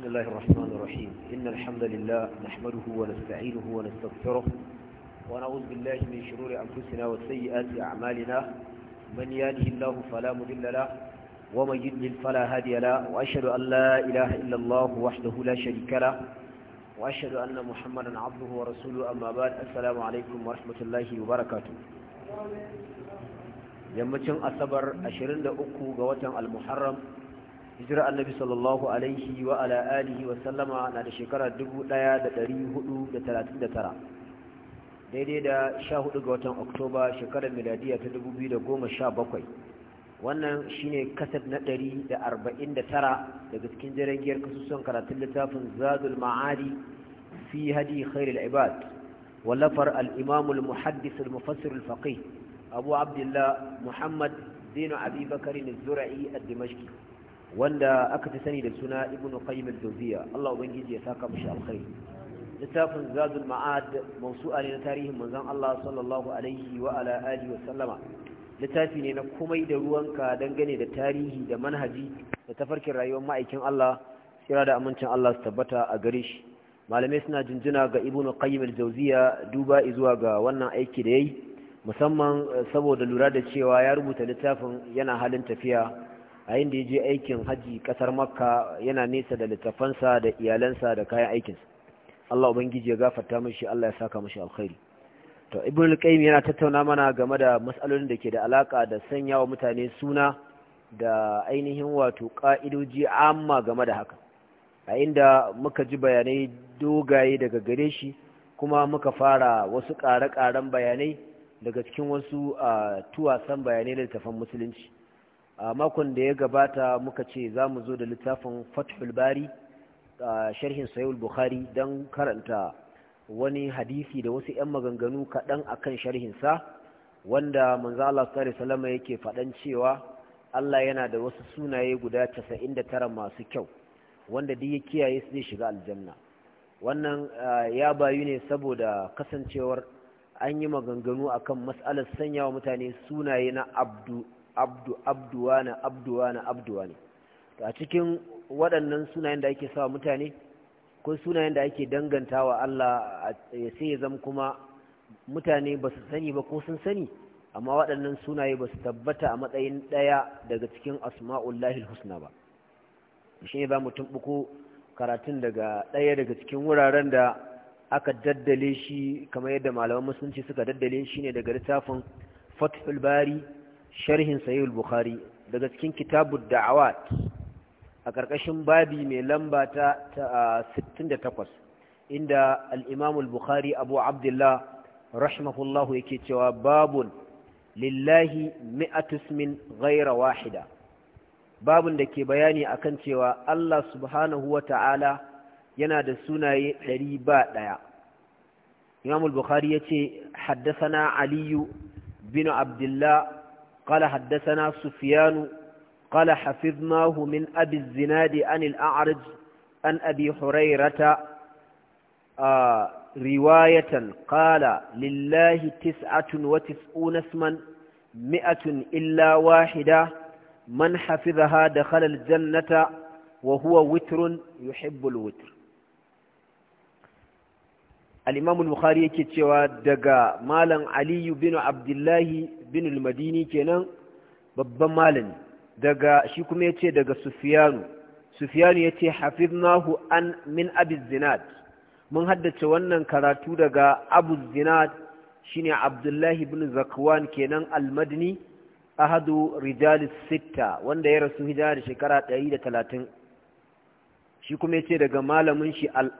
بسم الله الرحمن الرحيم إن الحمد لله نحمده ونستعينه ونستغفره ونعوذ بالله من شرور أنفسنا وسيئات أعمالنا من يهده الله فلا مضل له ومن يضلل فلا هادي له وأشهد أن لا إله إلا الله وحده لا شريك له وأشهد أن محمدا عبده ورسوله أما بعد السلام عليكم ورحمة الله وبركاته yammacin asabar 23 ga watan al-muharram hijira annabi sallallahu alaihi wa ala alihi wa sallama na da shekara 1439 daidai da 14 ga watan oktoba shekarar miladiya ta 2017 wannan shine kasar na 149 daga cikin jiragiyar kasusun karatun littafin zadul maari fi hadi khairul ibad wallafar alimamul imam mufassirul muhaddis al-mufassir al-faqih abu abdullah muhammad bin abi bakr az-zura'i a dimashqi wanda aka fi sani da suna ibnu qayyim al-jawziya Allah ubangiji ya saka mishi alkhairi littafin zadul ma'ad mawsu'a ne na tarihin manzon Allah sallallahu alaihi wa ala alihi wa sallama littafi ne na komai da ruwanka dangane da tarihi da manhaji da tafarkin rayuwar ma'aikin Allah tsira da amincin Allah su tabbata a gare shi malamai suna jinjina ga ibnu qayyim al-jawziya duba zuwa ga wannan aiki da yayi musamman eh, saboda lura da cewa ya rubuta littafin yana halin tafiya a yin da ya je aikin haji kasar makka yana nesa da littafansa da iyalansa da kayan aikinsa Allah ubangiji ya gafarta mashi Allah ya saka mashi alkhairi to ibn al-qayyim yana tattauna mana game da mas'alolin da ke da alaka da sanya wa mutane suna da ainihin wato ka'idoji amma game da haka a inda muka ji bayanai dogaye daga gare shi kuma muka fara wasu ƙare-ƙaren bayanai daga cikin wasu tuwasan bayanai da littafan musulunci a makon da ya gabata muka ce za mu zo da littafin fathul bari a sharhin sayul bukhari don karanta wani hadisi da wasu 'yan maganganu kaɗan a kan sharhinsa wanda manzo Allah sallallahu salama yake faɗan cewa Allah yana da wasu sunaye guda 99 masu kyau wanda duk ya kiyaye su zai shiga aljanna wannan ya bayu ne saboda kasancewar an yi maganganu akan mas'alar sanya wa mutane sunaye na abdu abdu abduwana abduwana abduwani to a cikin waɗannan sunayen da ake sawa mutane ko sunayen da ake wa Allah ya eh, sai ya zama kuma mutane ba su sani ba ko sun sani amma waɗannan sunaye ba su tabbata a matsayin ɗaya daga cikin asma'ullahi husna ba shi ne ba mu buku karatun daga ɗaya daga cikin wuraren da aka daddale shi kamar yadda malaman musulunci suka daddale shi ne daga littafin fathul bari sharhin sahihul bukhari daga cikin kitabud da'awat a ƙarƙashin babi mai lamba ta 68 inda al-imam al-bukhari abu abdullah rahimahullahu yake cewa babun lillahi mi'atu ismin ghaira wahida babun da ke bayani akan cewa Allah subhanahu wa ta'ala yana da sunaye ɗari ba ɗaya. Imam al-Bukhari ya ce, Haddasana Aliyu bin Abdullah قال حدثنا سفيان قال حفظناه من أبي الزناد عن الأعرج عن أبي حريرة آه رواية قال لله تسعة وتسعون اسما مئة إلا واحدة من حفظها دخل الجنة وهو وتر يحب الوتر الإمام البخاري كتوى دقى مالا علي بن عبد الله bin madini kenan babban malami daga shi kuma ce daga sufyanu sufyanu ce hafiznahu an min abi zinad mun haddace wannan karatu daga abu zinad shine abdullahi bin zakwan kenan almadni ahadu rijal sitta wanda ya rasu hijira da shekara 130 shi kuma ce daga malamin shi al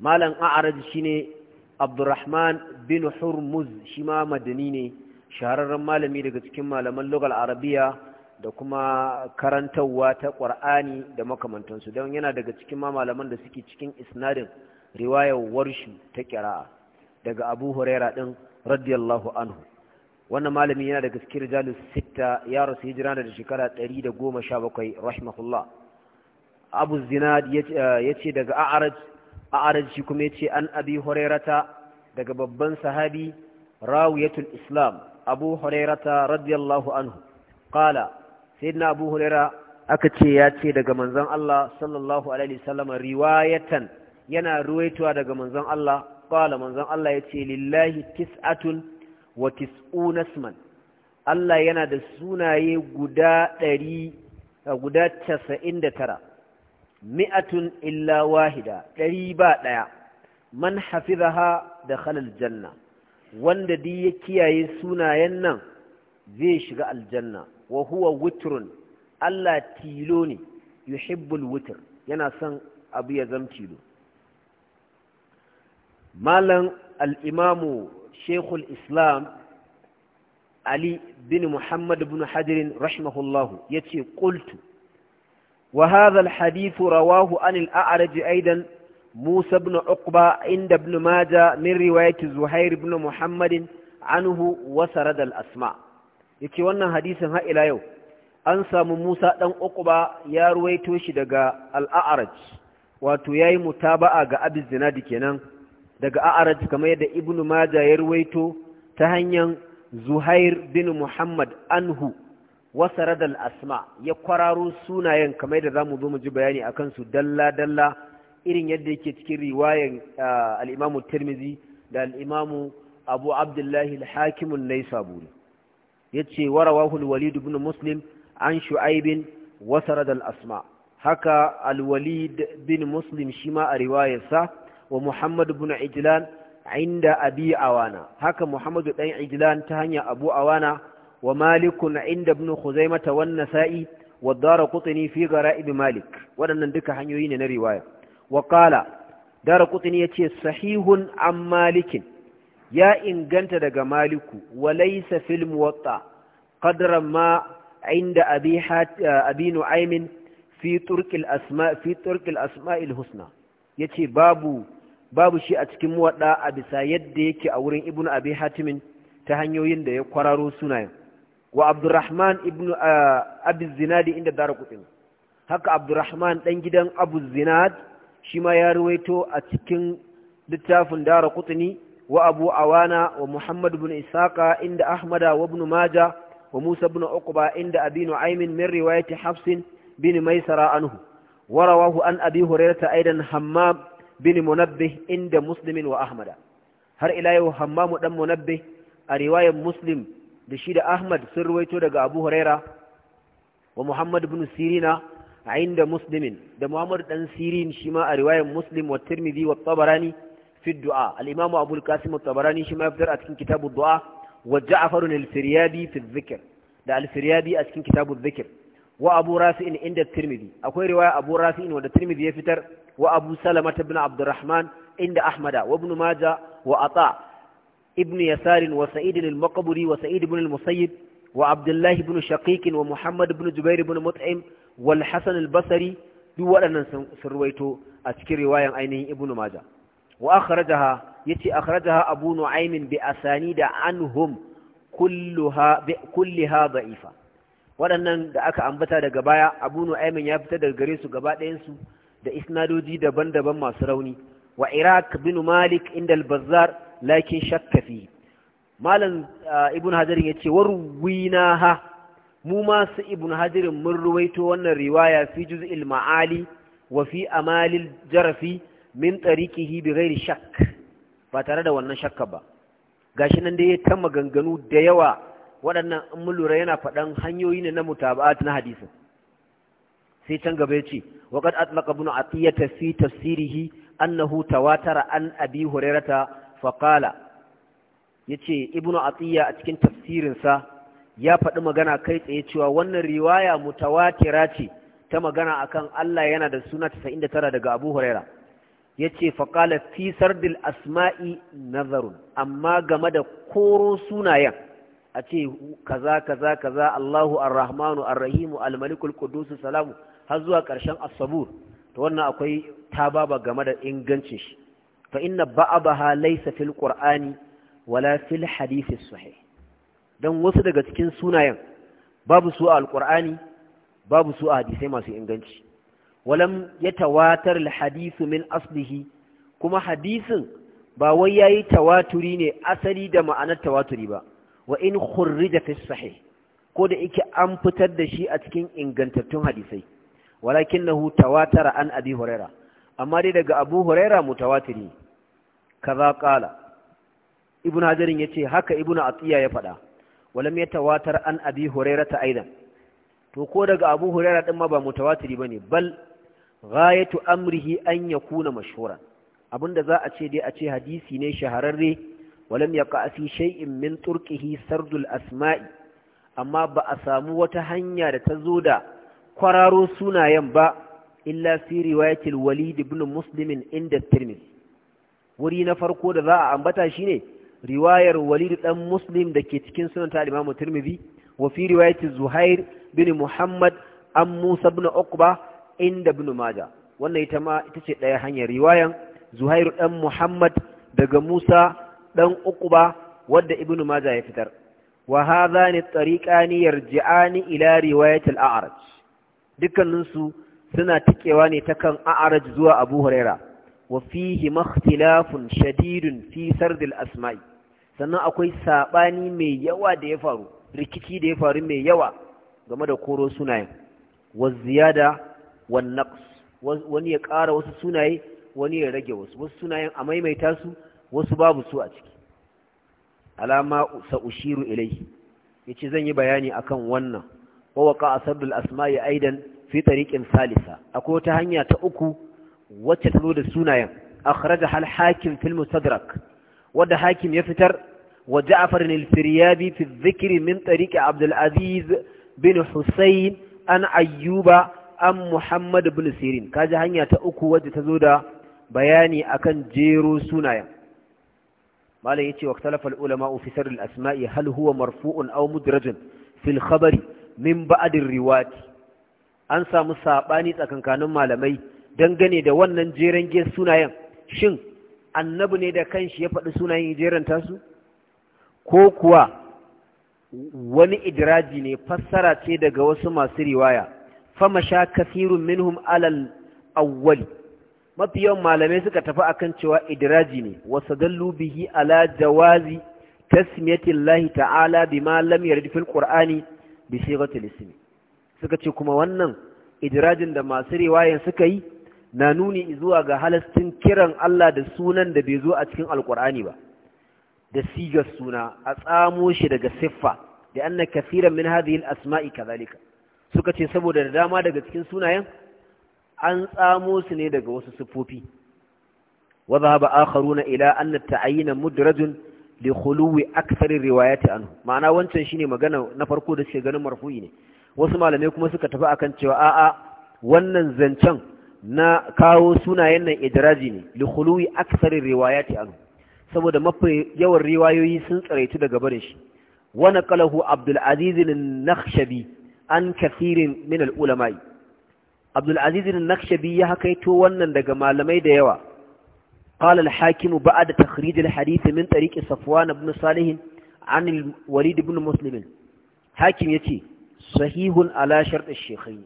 malam a'raj shine abdurrahman bin hurmuz shi ma madani ne shahararren malami daga cikin malaman lokal arabiya da kuma karantarwa ta ƙwar'ani da makamantansu don yana daga cikin ma malaman da suke cikin isnadin riwayar warshi ta ƙira'a daga abu huraira ɗin radiyallahu anhu wannan malami yana daga cikin rijalus sitta ya rasu hijira da shekara 117 rahimahullah abu zinad ya ce eh, daga a'arar shi kuma ya ce an abi hurairata daga babban sahabi rawiyatul islam abu hurairata radiyallahu anhu qala sayyidina abu huraira aka ce ya ce daga manzon Allah sallallahu alaihi wasallam riwayatan yana ruwaitowa daga manzon Allah qala manzon Allah yace lillahi tis'atun wa tis'una isman Allah yana da sunaye guda 100 guda tara mi'atun illa wahida ɗari ba ɗaya. man da halal janna. wanda di ya kiyaye sunayen nan zai shiga aljanna wa huwa Allah tilo ne yuhibbul wutr yana son abu ya zam tilo malam al-imamu shaykhul islam ali bin muhammad ibn hajar rahimahullahu ce ƙultu wa hadha al rawahu anil a'araji araj aidan موسى بن عقبة عند ابن ماجة من رواية زهير بن محمد عنه وسرد الأسماء يكي وانا حديثا ها إلى يو أنسى من موسى دن عقبة يا رويتو شدق الأعرج واتو ياي متابعة أبي الزناد كنان daga a'araj kamar da ibnu maja ya ruwaito ta hanyar zuhair bin muhammad anhu wasarar asma ya kwararo sunayen kamar da zamu zo mu ji bayani a kansu dalla-dalla irin yadda yake cikin riwayan al tirmizi da alimamu Abu abdullahi al-Hakim an-Naisaburi yace warawahu al-Walid ibn Muslim an shu'aibin wa da asma haka alwali bin Muslim ma a riwayarsa wa Muhammad ibn Ijlan inda Abi Awana haka Muhammad ɗan Ijlan ta hanya Abu Awana wa Malik inda ibn huzaimata wa an-Nasa'i wa Daraqutni fi gara'ib Malik waɗannan duka hanyoyi ne na riwaya wa qala darqutni yace sahihun an malikin ya inganta daga maliku wa laysa fil muwatta qadra ma inda abi abi fi turq al husna yace babu babu shi a cikin muwadda a bisa yadda yake a wurin Ibn abi ta hanyoyin da ya kwararo sunayen wa abdurrahman ibnu eh, abi zinadi inda darqutni haka abdurrahman dan gidan abu zinad shi ma ya ruwaito a cikin littafin dara kutuni wa abu awana wa muhammad bin isaka inda ahmada wa ibn maja wa musa bin uqba inda abi nu'aymin min riwayati hafsin bin maisara anhu wa rawahu an abi hurairata aidan hammam bin munabbih inda muslimin wa ahmada har ila yau hammamu dan munabbih a riwayar muslim da shi da ahmad sun ruwaito daga abu huraira wa muhammad bin sirina عند مسلم ده مؤمر دان سيرين شما رواية مسلم والترمذي والطبراني في الدعاء الإمام أبو القاسم الطبراني شما يفدر أتكين كتاب الدعاء وجعفر الفريابي في الذكر ده الفريابي أتكين كتاب الذكر وأبو رافع عند الترمذي أكوي رواية أبو رافع والترمذي يفتر وأبو سلمة بن عبد الرحمن عند أحمد وابن ماجه وأطاع ابن يسار وسعيد المقبري وسعيد بن المسيب وعبد الله بن شقيق ومحمد بن جبير بن مطعم wal Basari duk waɗannan sun a cikin riwayan ainihin ibnu maja wa akhrajaha yace akhrajaha abu nu'aym bi asanida anhum kulluha bi kulliha da'ifa waɗannan da aka ambata daga baya abu nu'aym ya fitar daga gare su gaba ɗayan su da isnadoji daban-daban masu rauni wa iraq bin malik inda al-bazzar lakin shakka fi malam ah, ibnu hajar yace warwina ha mu masu ibn hajirin mun ruwaito wannan riwaya fi juz'il ma'ali wa fi amalil jarafi min tariqihi bi ghairi shakk ba tare da wannan shakka ba gashi nan dai ta maganganu da yawa waɗannan in mun lura yana faɗan hanyoyi ne na mutaba'at na hadisin sai can gaba ya ce atlaqa أطلق ابن fi tafsirihi annahu tawatara an abi hurairata fa qala yace Ibn عطية a cikin tafsirinsa. ya faɗi magana kai tsaye cewa wannan riwaya mutawatira ce ta magana akan Allah yana da suna 99 daga Abu Huraira yace faqala fi sardil asma'i nazarun amma game da koro sunayen a ce kaza kaza kaza Allahu ar-Rahmanu ar-Rahimu al-Malikul Quddus salamu har zuwa ƙarshen as-sabur to wannan akwai tababa game da ingancin shi fa inna ba'abaha laysa fil qur'ani wala fil hadithis sahih don wasu daga cikin sunayen babu su a alƙur'ani babu su a hadisai masu inganci walam ya tawatar hadisu min aslihi kuma hadisin ba wai yayi tawaturi ne asali da ma'anar tawaturi ba wa in khurrija fi sahih ko da yake an fitar da shi a cikin ingantattun hadisai walakinahu tawatara an abi huraira amma dai daga abu huraira mutawatiri kaza qala ibnu hajarin yace haka ibnu atiya ya faɗa walam tawatar an abi hurairata aidan to ko daga abu huraira din ma ba mutawatiri bane bal ghayatu amrihi anyakuna mashuran. mashhuran abinda za a ce dai a ce hadisi ne shahararre walam ya fi shay'in min turqihi sardul asma'i amma ba a samu wata hanya da ta zo da kwararo sunayen ba illa fi riwayatil walid ibn muslim inda tirmidhi wuri na farko da za a ambata shine riwayar walid dan muslim da ke cikin sunan ta imam tirmidhi wa fi riwayati zuhair bin muhammad an musa bin uqba inda ibn maja wannan ita ma ita ce daya hanyar riwayan zuhair dan muhammad daga musa dan uqba wadda ibn maja ya fitar wa hadhani tariqani yarji'ani ila riwayati al-a'raj dukkaninsu suna tikewa ne ta kan a'araj zuwa abu huraira wa fihi makhtilafun shadidun fi sardil asma'i sannan akwai saɓani mai yawa da ya faru rikici da ya faru mai yawa game da koro sunayen wasu ziyada wani ya ƙara wasu sunaye wani ya rage wasu wasu sunayen a maimaita su wasu babu su a ciki alama sa'ushiru ilai ya ce zan yi bayani akan wannan wawaka a sabbin asma'i aidan fi tariƙin salisa akwai wata hanya ta uku wacce ta zo da sunayen akhraja hal hakim fil mustadrak wadda hakim ya fitar wa ja'far al-firyabi fi dhikri min tariqi abdul aziz bin husayn an ayyuba an muhammad bin sirin kaji hanya ta uku wadda ta zo da bayani akan jero sunayen malam yace wa ikhtalafa al-ulama fi sirr al-asma'i hal huwa marfu'un aw mudrajun fil khabari min ba'd riwati an samu saɓani tsakankanin malamai dangane da wannan jeren gen sunayen shin annabi ne da kanshi ya faɗi sunayen jeran tasu ko kuwa wani idiraji ne fassara ce daga wasu masu riwaya fama sha kafirun minhum alal awwali mafi yawan malamai suka tafi akan cewa idiraji ne wasu dallu bihi ala jawazi tasmiyatillahi ta'ala bima lam yarid fil qur'ani bi sighatil ismi suka ce kuma wannan idirajin da masu riwayan suka yi na nuni zuwa ga halastin kiran Allah da sunan da bai zo a cikin alkur'ani ba da sigar suna a tsamo shi daga siffa da anna kafiran min hadhihi al-asma'i kadhalika suka ce saboda da dama daga cikin sunayen an tsamo su ne daga wasu siffofi wa dhahaba akharuna ila anna ta'ayyina mudrajun li khuluwi akthar riwayati anhu ma'ana wancan shine magana na farko da suke ganin marfu'i ne wasu malamai kuma suka tafi akan cewa a'a wannan zancen na kawo sunayen nan idraji ne li aksarin riwayati anhu saboda mafi yawan riwayoyi sun tsaraitu daga barin shi wa naqalahu abdul aziz an-nakhshabi an kathirin min al-ulama'i abdul aziz an-nakhshabi ya hakaito wannan daga malamai da yawa قال الحاكم بعد تخريج الحديث من طريق صفوان بن صالح عن الوليد بن Hakim ya ce sahihun على شرط الشيخين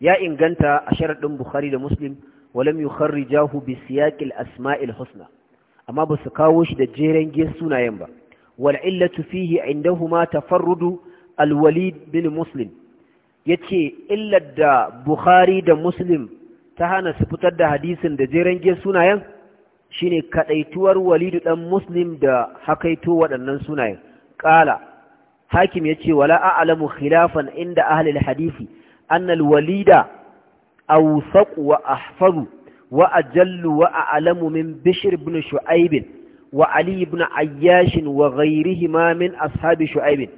ya inganta a sharaɗin Bukhari da Muslim walam yukharrijahu bi siyaƙil asma'il husna amma ba su kawo shi da jeren giyar sunayen ba wal illatu fihi indahuma tafarrudu al walid bin Muslim yace illar da Bukhari da Muslim ta hana su fitar da hadisin da jeren giyar sunayen shine kadaituwar Walidu dan Muslim da hakaito waɗannan sunayen Ƙala. hakim yace wala a'alamu khilafan inda ahli hadisi annal walida awsaq wa ahfazu wa ajallu wa a'lamu min bishr ibn shu'aib wa ali ibn ayyash wa ghayrihima min ashabi shu'aib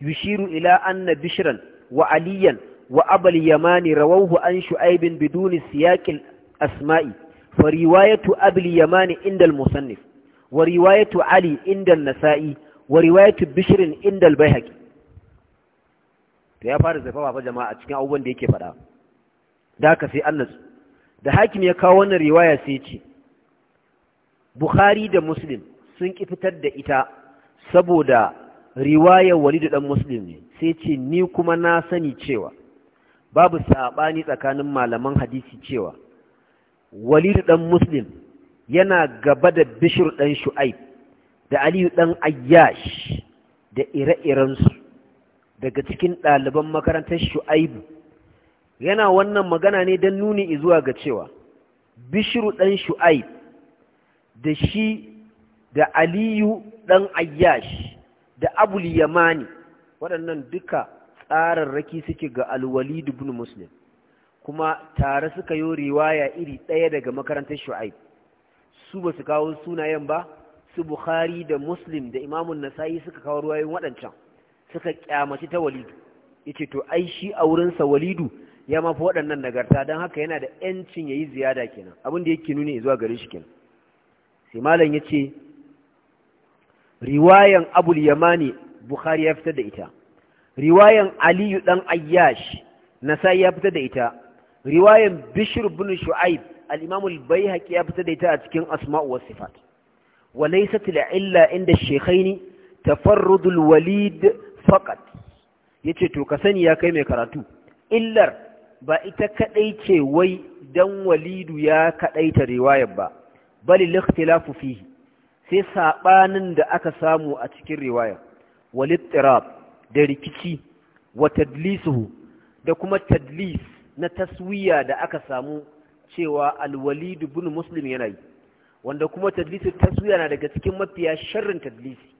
yushiru ila anna bishran wa aliyan wa abal yamani rawahu an shu'aib biduni siyaqil asma'i فرواية أبي اليمان عند المصنف ورواية علي عند النسائي ورواية بشر عند البيهقي to ya fara zafafa fa jama'a cikin abubuwan da yake faɗa da haka sai da hakim ya kawo wannan riwaya sai ce Bukhari da Muslim sun ki fitar da ita saboda riwayar Walid dan Muslim ne sai ce ni kuma na sani cewa babu saɓani tsakanin malaman hadisi cewa Walid dan Muslim yana gaba da Bishr ɗan Shu'aib da Aliyu ɗan Ayyash da ire-irensu daga cikin ɗaliban makarantar shu'aibu yana wannan magana ne don nuni izuwa ga cewa bishiru ɗan shu'aib da shi da aliyu ɗan ayyash da abul yamani waɗannan duka tsararraki suke ga alwali ibn muslim kuma tare suka yi riwaya iri ɗaya daga makarantar shu'aib su ba su kawo sunayen ba su bukhari da muslim da imamun nasa'i suka kawo ruwayoyin waɗancan suka kyamaci ta walidu yace to ai shi a wurinsa walidu ya mafi waɗannan nagarta don haka yana da ‘yancin ya yi ziyada kenan abin da yake nuni zuwa gare shi kenan sai malam ya ce riwayan abul yamani bukhari ya fitar da ita riwayan aliyu ɗan ayyash nasai ya fitar da ita riwayan bishir bin shu'aib al'imamul bai haƙi ya fitar da ita a cikin asma'u wasu sifat walaisa illa inda shekhaini tafarrudul walid fakat ce to ka sani ya kai mai karatu illar ba ita kaɗai ce wai dan walidu ya kaɗai ta riwayar ba bali ikhtilafu fihi sai saɓanin da aka samu a cikin riwayar walittirab da rikici wa tadlisuhu da kuma tadlis na taswiya da aka samu cewa alwalidu bin muslim yana yi wanda kuma tadlisu taswiya na daga cikin mafiya sharrin tadlisi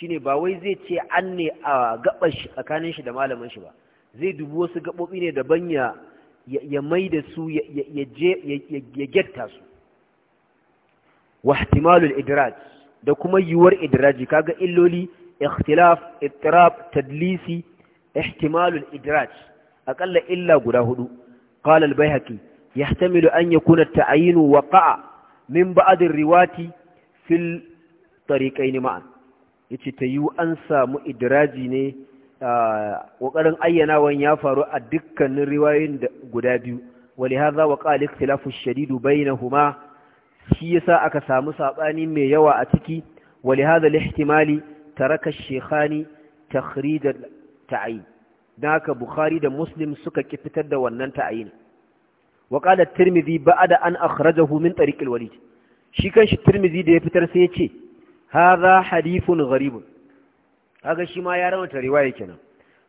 shine ba wai zai ce an ne a gaɓar shi tsakanin shi da malamin shi ba zai dubi wasu gaɓoɓi ne daban ya ya mai da su ya getta su wa ihtimalul idraj da kuma yiwuwar idraji kaga illoli ikhtilaf ittirab tadlisi ihtimalul idraj akalla illa guda hudu qala al bayhaqi yahtamilu an yakuna at-ta'yin waqa'a min ba'd ar-riwati fil tariqayn ma'an ya ta yi an samu idiraji ne a ƙoƙarin ayyanawan ya faru a dukkanin riwayoyin guda biyu wale ha za wa ƙalik filafin shadidu bai na huma shi ya sa aka samu saɓani mai yawa a ciki wale ha da lihtimali ta raka shekhani ta hri da ta'ayi don bukhari da muslim suka ƙi fitar da wannan ta'ayin wa Tirmizi ba'a ba'ada an akhrajahu min tsarikil walid shi kan Tirmizi da ya fitar sai ya ce hadha hadithun gharibun kaga shi ma ya rawata riwaya kenan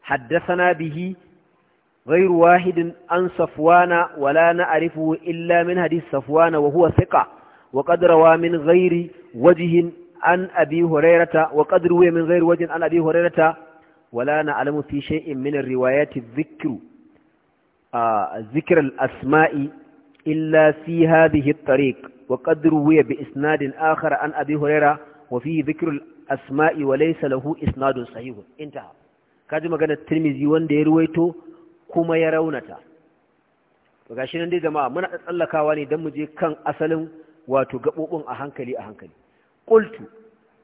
haddathana bihi غير واحد عن صفوان ولا نعرفه إلا من حديث صفوان وهو ثقة وقد روى من غير وجه عن أبي هريرة وقد روى من غير وجه عن أبي هريرة ولا نعلم في شيء من الروايات الذكر آه ذكر الأسماء إلا في هذه الطريق وقد روى بإسناد آخر عن أبي هريرة وفيه ذكر الأسماء وليس له إسناد صحيح انتهى كاجي مغانا الترمذي wanda ya ruwaito kuma ya raunata to gashi nan dai jama'a muna tsallakawa ne dan mu je kan asalin wato gabobin a hankali a hankali qultu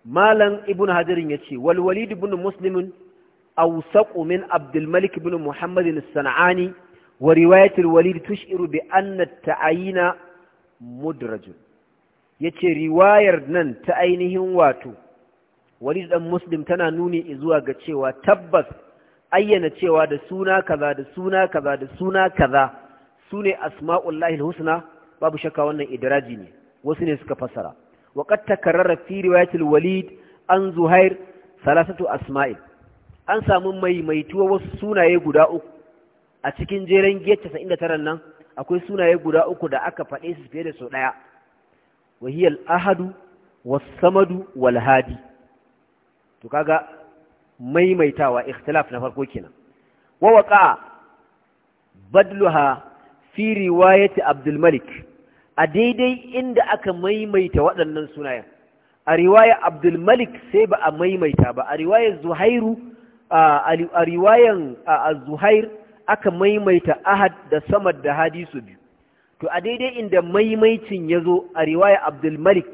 malam ibnu hajarin yace wal walid bin muslim awsaqu min abdul malik ibn muhammad as-sanani wa riwayat al walid tush'iru bi anna at-ta'yina ya ce riwayar nan ta ainihin wato wani ɗan muslim tana nuni zuwa ga cewa tabbas ayyana cewa da suna kaza da suna kaza da suna kaza su ne asma'ullahi husna babu shakka wannan idraji ne wasu ne suka fasara Waƙar takarrara fi riwayatil walid an Zuhair Salasatu Asma'il. an samu tuwa wasu sunaye guda uku a cikin jeren giyar casa'in nan akwai sunaye guda uku da aka faɗe su fiye da su ɗaya Wahiyar ahadu was-samadu wal-hadi to kaga maimaitawa ikhtilaf na farko kenan wa waqa badluha fi riwaya Abdul Abdulmalik a daidai inda aka maimaita waɗannan sunayen a riwaya Abdul sai ba a maimaita ba a riwayar Zuhairu a riwayan Zuhair aka maimaita Ahad da Samad da Hadisu biyu to a daidai inda maimaicin ya zo a riwaya abdulmalik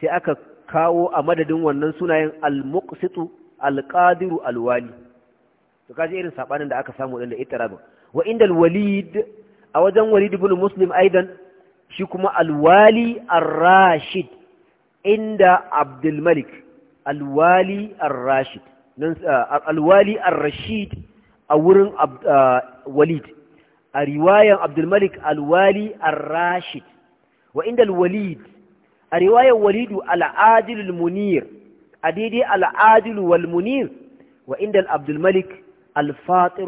sai aka kawo a madadin wannan sunayen al-muqsitu al-qadiru al-wali to kaji irin sabanin da aka samu din da itirabin wa inda al-walid a wajen walid ibn muslim aidan shi kuma al-wali ar-rashid inda abdulmalik al-wali ar-rashid nan uh, al-wali ar-rashid a wurin uh, walid a riwayan abdulmalik alwali al-rashid wa inda al-walid a riwayan walidu al-adil munir a daidai al wal munir wa inda abdulmalik al-fatir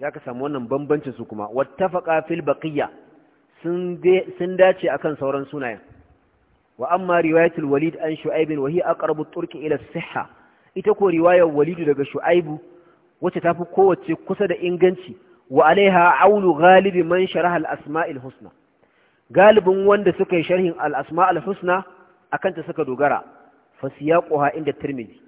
ya ka samu wannan bambancin su kuma wattafaqa fil baqiyya sun dace akan sauran sunayen wa amma riwayatul walid an shu'aib wa hiya aqrabu turki ila siha ita ko riwayar walidu daga shu'aibu wacce tafi kowace kusa da inganci wa alaiha aunu galibi man sharaha al-asma'il husna galibin wanda suka yi sharhin al-asma'il husna akan ta dogara fa siyaquha inda tirmidhi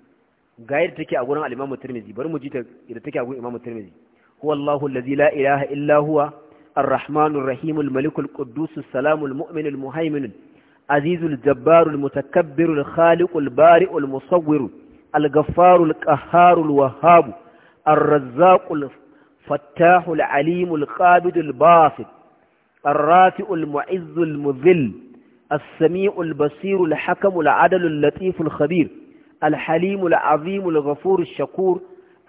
ga a gurin al-imamu tirmidhi bari mu ji ta take a gurin imamu tirmidhi huwa allahu la ilaha illa huwa الرحمن الرحيم الملك القدوس السلام المؤمن المهيمن عزيز الجبار المتكبر الخالق البارئ المصور الغفار القهار الوهاب الرزاق فتاح العليم القابض الباسط الرافع المعز المذل السميع البصير الحكم العدل اللطيف الخبير الحليم العظيم الغفور الشكور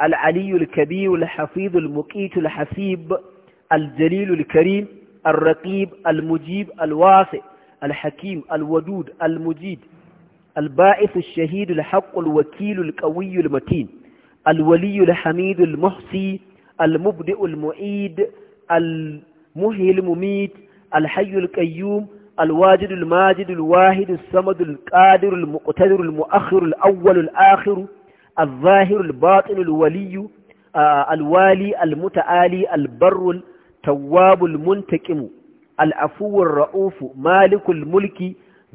العلي الكبير الحفيظ المقيت الحسيب الجليل الكريم الرقيب المجيب الواسع الحكيم الودود المجيد الباعث الشهيد الحق الوكيل القوي المتين الولي الحميد المحصي المبدئ المعيد المحيي المميت الحي القيوم الواجد الماجد الواحد الصمد القادر المقتدر المؤخر الأول الآخر الظاهر الباطن الولي الوالي المتعالي البر التواب المنتقم العفو الرؤوف مالك الملك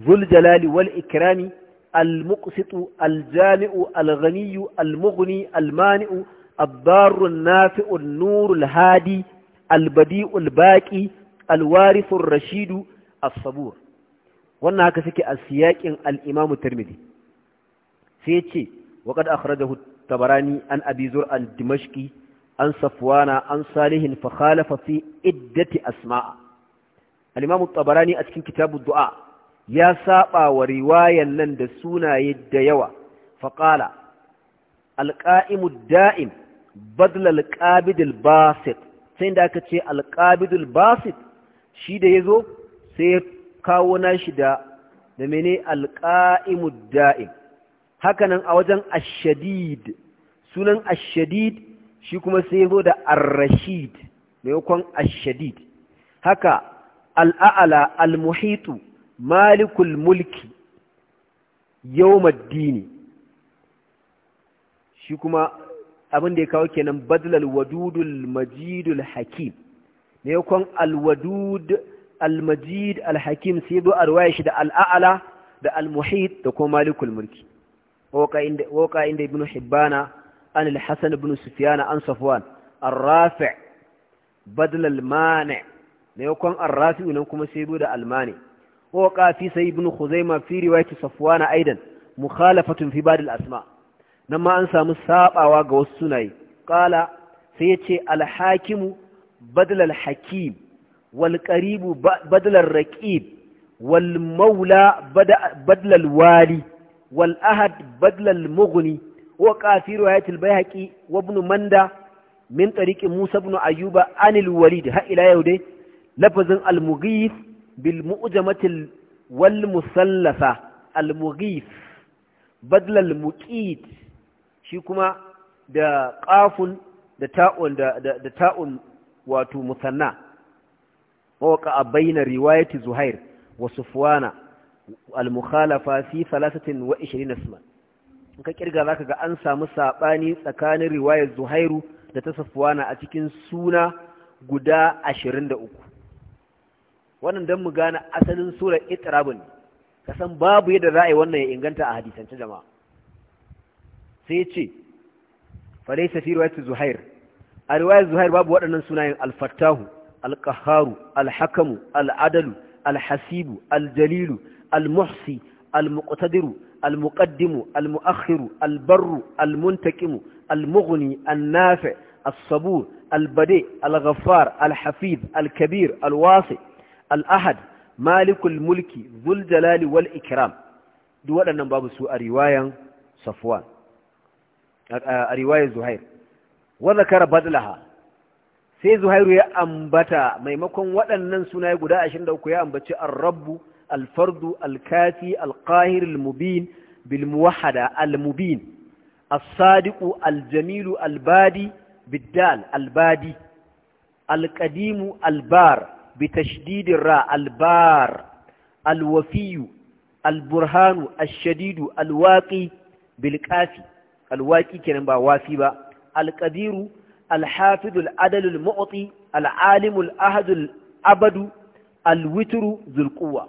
ذو الجلال والإكرام المقسط الجامع الغني المغني المانع addarun nafi'un nurul hadi albadi'ul Baƙi alwarithur rashidu Asabur wannan haka suke a siyaƙin al tirmidhi sai ya ce wa qad tabarani an abi zur al-dimashqi an safwana an salihin fa fi iddati asma'a al tabarani a cikin kitabu du'a ya saba wa riwayan nan da sunaye da yawa faƙala alƙa'imu al da'im badla alqabidul basit sai da aka ce alqabidul basit shi da yazo sai ya kawo nashi da da mene alqaimud da'im hakanan a wajen ashadid sunan ashadid shi kuma sai zo da arrashid rashid maimakon ashadid haka al'a'ala al-muhitu malikul mulki yawmaddini shi kuma abin da ya kawo kenan badlal wadudul majidul hakim ne yakon alwadud almajid alhakim sai zo arwaya shi da al'a'ala da almuhit da kuma malikul mulki waka inda waka inda ibnu hibbana an alhasan ibn sufyan an safwan arrafi badlal mani ne yakon arrafi nan kuma sai zo da almani waka fi sai ibnu khuzaima fi riwayati safwana aidan mukhalafatun fi badil asma' nan ma an samu sabawa ga wasu sunaye qala sai yace al-hakimu badal hakim wal qaribu badal walmaula raqib wal wali wal ahad badal al-mughni wa kafiru hayatul bayhaqi wa ibn manda min tariqi musa ibn ayyuba anil walid ha ila yau dai lafazin al-mughith bil mu'jamatil wal musallafa al-mughith badal muqit shi kuma da ƙafun da ta'un da ta'un wato musanna waka a bayyana riwayati zuhair wa sufwana al-mukhalafa fi 23 isman in ka kirga zaka ga an samu saɓani tsakanin riwayar zuhairu da ta sufwana a cikin suna guda 23 wannan dan mu gane asalin surar itrabun kasan babu yadda za a yi wannan ya inganta a hadisance jama'a سيتي فليس في رواية زهير الرواية زهير باب ورد ننسونا الفتاه القهار الحكم العدل الحسيب الجليل المحصي المقتدر المقدم المؤخر البر المنتكم المغني النافع الصبور البديء الغفار الحفيظ الكبير الواصي الأحد مالك الملك ذو الجلال والإكرام دوالنا باب سوء رواية صفوان آه، رواية زهير وذكر بدلها سي زهير يأنبتا ميمكن ولن ننسونا يقول داعشن دوك يأنبتا الرب الفرد الكاتي القاهر المبين بالموحدة المبين الصادق الجميل البادي بالدال البادي القديم البار بتشديد الراء البار الوفي البرهان الشديد الواقي بالكافي alwaki kenan ba wafi ba al alhafidul adalul mu'ti alalimul ahadul abadu alwitru dhul quwwa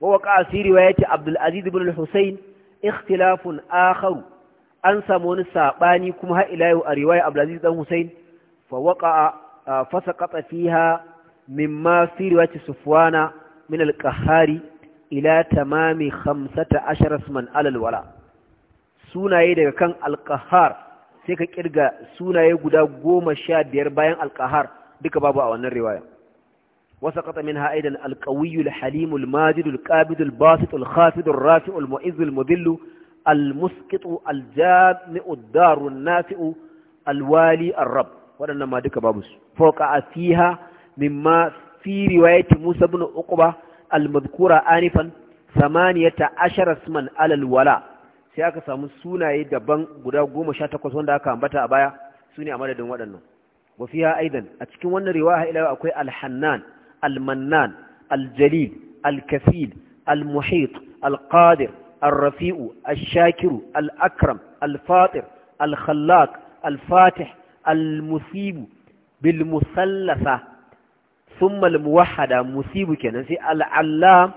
wa waqa fi riwayati abdul aziz ibn al-husayn ikhtilafun akhar an samu wani sabani kuma har ila yau a riwaya abdul aziz dan husayn fa waqa fasaqata fiha mimma fi riwayati sufwana min al-qahari ila tamami 15 isman alal wala' sunaye daga kan alkahar sai ka kirga sunaye guda goma sha biyar bayan alkahar duka babu a wannan riwaya wasa kata min ha'idan alkawiyul halimul Majidu qabidul basitul khafidur Rafi'u mu'izzul mudillu almusqitu Aljamiudaru nafi'u alwali arrab waɗannan ma duka babu su fawqa fiha mimma fi riwayati musa ibn uqba almadhkura anifan 18 isman alal wala sai aka samu sunaye daban guda goma sha takwas wanda aka ambata a baya su ne a madadin waɗannan wafiya aidan a cikin wannan riwaya ilawa akwai alhannan almannan aljalil alkafil almuhit alqadir الرفيع الشاكر الأكرم الفاطر الخلاق الفاتح المصيب بالمثلثة ثم الموحدة مصيب كان العلام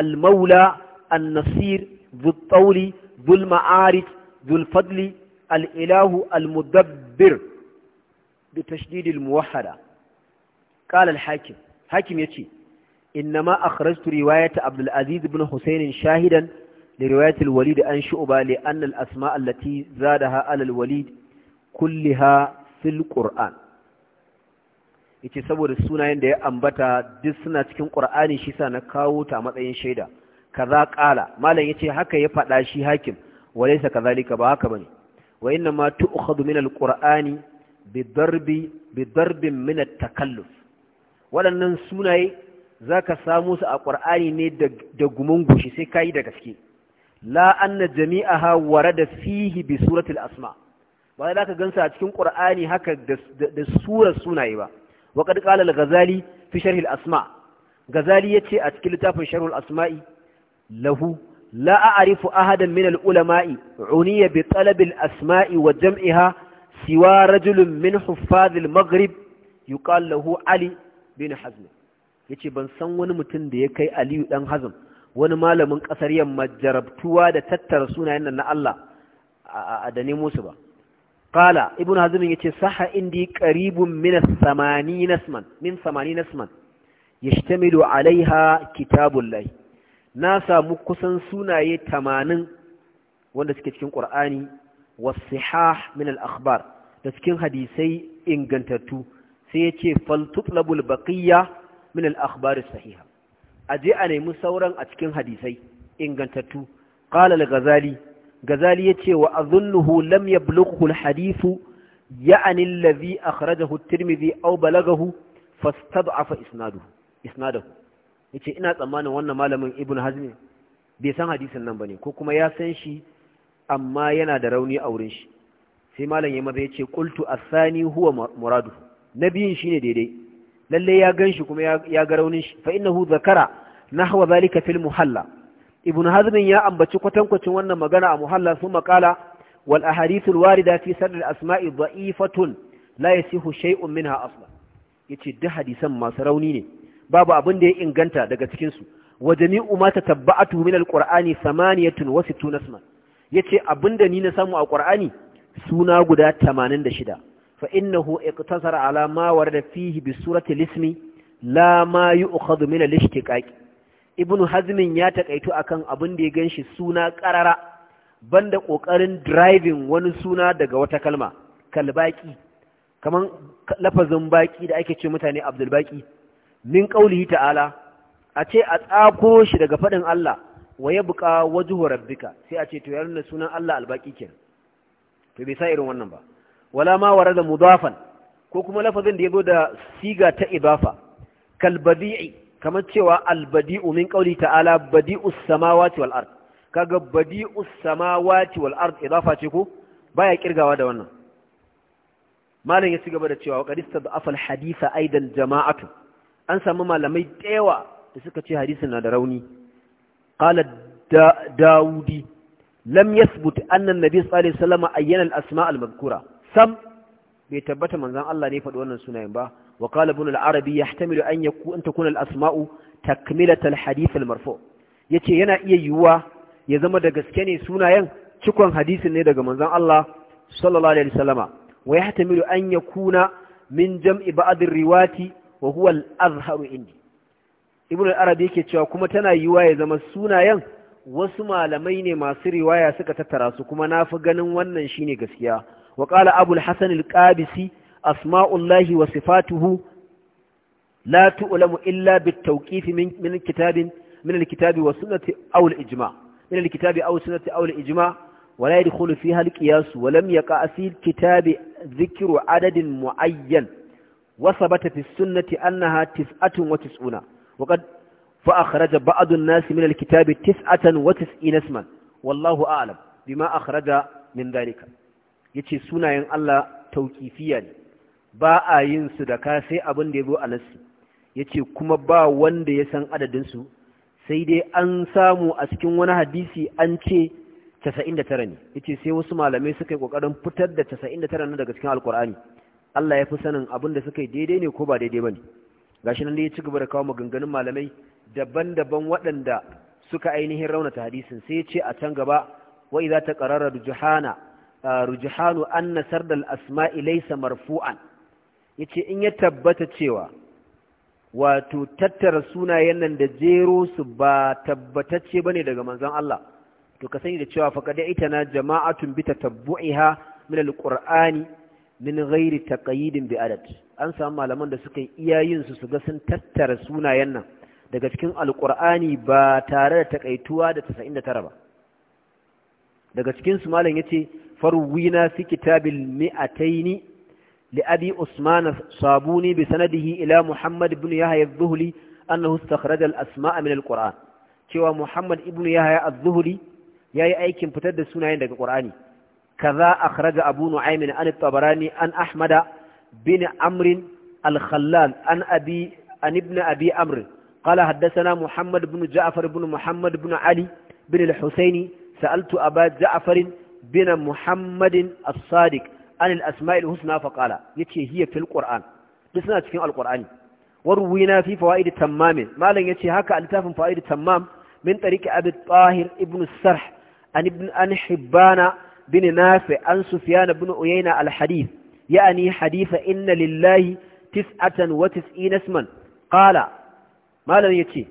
المولى النصير ذو الطول dhul ma'arij dhul fadli al-ilahu al-mudabbir bi tashdid ya ce qala al-hakim hakim yace إنما أخرجت رواية عبد العزيز بن حسين شاهدا لرواية الوليد عن شعبة لأن الأسماء التي زادها على الوليد كلها في القرآن yace saboda sunayen da ya ambata duk suna cikin Qur'ani shi sa na kawo ta matsayin shaida kaza qala malam yace haka ya faɗa shi hakim walaysa kadhalika ba haka bane wa inna ma tu'khadhu min alqur'ani bidarbi bidarbin min at-takalluf waɗannan sunaye zaka samu su a qur'ani ne da gumun gushi sai kai da gaske la anna jami'aha warada fihi bi surati al-asma ba da ka gansa a cikin qur'ani haka da surar sunaye ba wa qad qala al-ghazali fi sharh al-asma ghazali yace a cikin littafin sharh al-asma'i lahu la a'rifu ahadan min al-ulama'i uniya bi talab al-asma'i wa jam'iha siwa rajulun min huffaz al yuƙalahu ali bin yace ban san wani mutum da ya kai aliyu dan hazm wani malamin kasar yamma jarabtuwa da tattara sunayen nan na Allah da nemo su ba qala ibnu hazm yace saha indi qaribun min as-samanin asman min 80 asman yashtamilu alaiha kitabullahi na samu kusan sunaye tamanin wanda suke cikin ƙur'ani wasihah min al-akhbar da cikin hadisai ingantattu sai ya ce faltutlabul baƙiyya min al-akhbar sahiha aje a nemi sauran a cikin hadisai ingantattu ƙalal gazali, gazali ya yace wa adhunnuhu lam ya al-hadith ya'ni alladhi akhrajahu at-tirmidhi au balagahu fastad'afa isnaduhu isnadahu yace ina tsammanin wannan malamin ibn hazm bai san hadisin nan ba ne ko kuma ya san shi amma yana da rauni a wurin shi sai malam ya maza ƙultu a asani huwa muradu shi ne daidai lallai ya ganshi kuma ya ga raunin shi fa innahu zakara nahwa zalika fil muhalla ibn hazm ya ambaci kwatankwacin wannan magana a muhalla su makala wal ahadithul warida fi sadr al asma'i dha'ifatun la yasihu shay'un minha aslan yace duk hadisan masu rauni ne babu abin da ya inganta daga cikin su wa jami'u ma tatabba'atu min alqur'ani thamaniyatun wa sittun asma yace abinda ni na samu a qur'ani suna guda 86 fa innahu iqtasara ala ma warada fihi bi surati al-ismi la ma yu'khadhu min al-ishtiqaq ibnu hazmin ya takaitu akan abin da ya ganshi suna qarara banda kokarin driving wani suna daga wata kalma kalbaki kaman lafazin baki da ake ce mutane abdul baki min qaulihi ta'ala a ce a tsako shi daga faɗin Allah wa yabqa wajhu rabbika sai a ce to ya sunan Allah albaki kenan to bai sa irin wannan ba wala ma da mudafan ko kuma lafazin da zo da siga ta ibafa kal kamar cewa albadi'u min ƙauli ta'ala badi'u samawati wal ard kaga badi'u samawati wal ard ibafa ce ko baya kirgawa da wannan malam ya ci gaba da cewa wa qadista da afal haditha aidan jama'atu an samu malamai ɗewa da suka ce hadisin na da rauni qala daudi lam yathbut anna nabi sallallahu alaihi wasallam asma al-madhkura sam bai tabbata manzon Allah ne faɗi wannan sunayen ba wa qala ibn al-arabi yahtamilu an yaku an takuna asmau takmilat al-hadith al-marfu yace yana iya yiwuwa ya zama da gaske ne sunayen cikon hadisin ne daga manzon Allah sallallahu alaihi wasallama wa yahtamilu an yakuna min jam'i ba'adin riwati wa huwa al-azharu indi Ibn arabi yake cewa kuma tana yiwa ya zama sunayen wasu malamai ne masu riwaya suka tattara su kuma na fi ganin wannan shine gaskiya wa ƙala abu al al asma'ullahi wa sifatuhu la tu'lamu illa bitauƙifi tawqif min min kitabin من الكتاب ijima أو الإجماع من الكتاب أو السنة أو الإجماع ولا يدخل فيها wa ولم يقع في وثبت في السنة أنها تسعة وتسعون وقد فأخرج بعض الناس من الكتاب تسعة وتسعين اسما والله أعلم بما أخرج من ذلك يتي سنة ين الله توكيفيا باء ينسو دكاسي أبن ديبو أنسي يتي كما باء وند يسان أددنسو sai dai an samu a cikin wani hadisi an ce 99 ne yace sai wasu malamai suka yi kokarin fitar da 99 nan daga cikin alkur'ani Allah ya fi sanin abin da suka yi daidai ne ko ba daidai ba ne Ga shi nan ya ci gaba da kawo maganganun malamai daban-daban waɗanda suka ainihin raunata hadisin sai ya ce a can gaba wa idza taqarrara rujuhana rujuhanu anna sardal asma'i laysa marfu'an yace in ya tabbata cewa wato tattara sunayen nan da jero su ba tabbatacce bane daga manzon Allah to ka sani da cewa faqad na jama'atun bi tatabbu'iha min alqur'ani min ghairi taqayyidin bi adad an samu malaman da suka iya yin su su ga sun tattara sunayen nan daga cikin alqur'ani ba tare da takaituwa da 99 ba daga cikin su malam yace farwina fi kitabil mi'ataini li abi usman sabuni bi sanadihi ila muhammad ibn yahya az-zuhli annahu istakhraja al-asma'a min al-qur'an cewa muhammad ibn yahya az-zuhli yayi aikin fitar da sunayen daga qur'ani kaza akhraja abu nu'aymin an tabarani an ahmada bin amr al-khallal an abi an ibn abi amr قال حدثنا محمد بن جعفر بن محمد بن علي بن الحسين سألت أبا جعفر بن محمد الصادق عن الأسماء الحسنى فقال يتي هي في القرآن بسنا تكين القرآن وروينا في فوائد تمام ما لن يتي هكا ألتاف فوائد تمام من طريق أبي الطاهر ابن السرح عن ابن أن حبان bin nafi an sufyan ibn uyayna al-hadith ya'ni hadith inna lillahi tis'atan wa tis'ina isman qala malam yace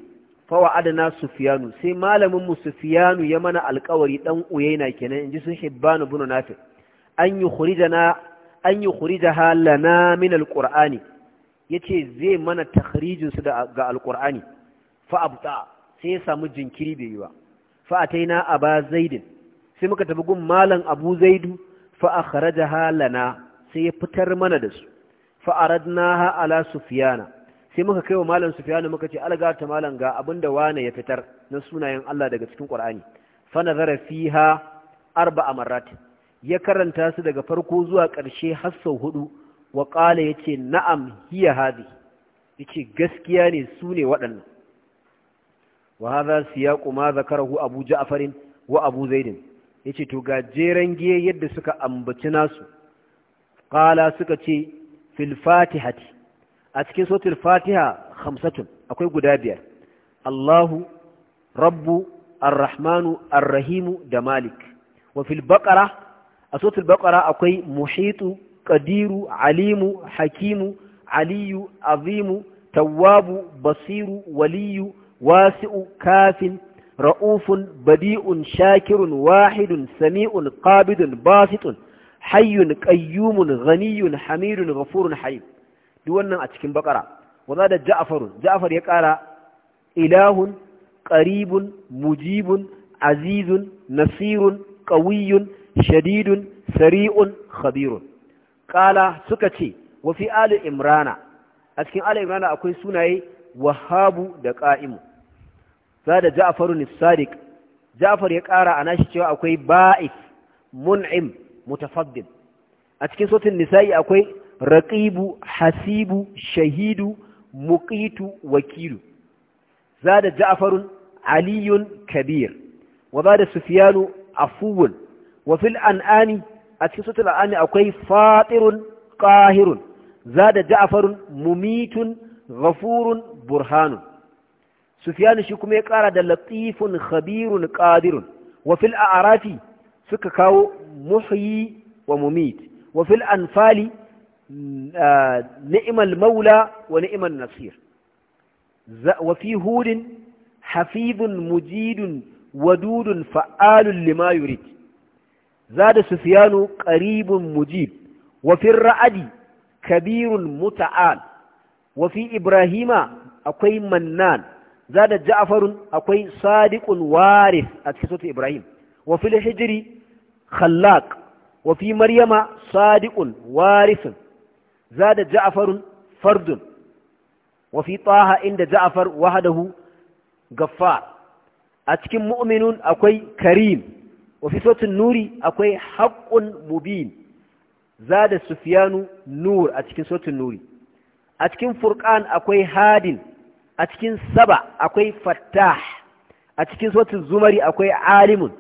fa wa'adna sufyanu sai malamin mu sufyanu ya mana alƙawari ɗan uyayna kenan inji sun hibban ibn nafi an yukhrijana an yukhrijaha lana min al-qur'ani yace zai mana takrijinsu su ga al-qur'ani fa abta sai ya samu jinkiri bai yi ba fa ataina aba zaidin sai muka tafi gun malam abu zaidu fa'akharaja halana sai ya fitar mana da su fa'aradna ala sufiyana sai muka kai wa malam sufiyana muka ce algata malam ga abin da wane ya fitar na sunayen Allah daga cikin ƙwar'ani fana zarafi ha arba a marat ya karanta su daga farko zuwa ƙarshe hassau hudu wa ƙala ya ce na'am hiya hadi ya ce gaskiya ne su ne waɗannan wa haza ya kuma zakarahu abu ja'afarin wa abu zaidin yace to ga jeran giye yadda suka ambaci nasu qala suka ce fil fatihati a cikin suratul fatiha khamsatun akwai guda biyar Allahu rabbu arrahmanu arrahimu da malik wa fil baqara a suratul baqara akwai muhitu qadiru alimu hakimu aliyu azimu tawwabu basiru waliyu wasi'u kafin ra'ufun badi'un shakirun wahidun sami'un qabidun basitun hayyun ƙayyumun, ghaniyun hamidun ghafurun halim Duwannan a cikin baƙara, waza da ja'farun ja'far ya kara ilahun ƙaribun, mujibun azizun nasirun qawiyyun shadidun sari'un khabirun Ƙala suka ce wa fi ali imrana a cikin ali imrana akwai sunaye wahabu da ƙa'imu. zada ja'farun as-sadiq ja'far ya ƙara ana shi cewa akwai ba'if mun'im mutafaddil a cikin sautin nisa'i akwai raqibu hasibu shahidu muqitu wakilu zada ja'farun aliyun kabir wa zada sufyanu afuwun wa fil an'ami a cikin sautin al'ami akwai fatirun qahirun zada ja'farun mumitun ghafurun burhanun Sufiyanu shi kuma ya ƙara da latifun khabirun qadirun wa fil a'rafi suka kawo muhyi wa mumit wa fil anfali mm, ah, ni'mal maula wa ni'mal nasir wa fi hudin hafizun mujidun wadudun fa'alun lima yurid zada Sufiyanu qaribun mujib wa ra'adi kabirun muta'al wa fi ibrahima akwai mannan zada ja'farun akwai sadiqun waris a cikin sura ibrahim wa fil hijri khallaq wa fi maryama sadiqun za da ja'afarun fardun wa fi taha inda ja'far wahdahu gaffa, a cikin mu'minun akwai karim wa fi nuri akwai haqqun mubin zada sufyanu nur a cikin suratul nuri a cikin furqan akwai hadin a cikin saba akwai fattah a cikin sautin zumari akwai alimun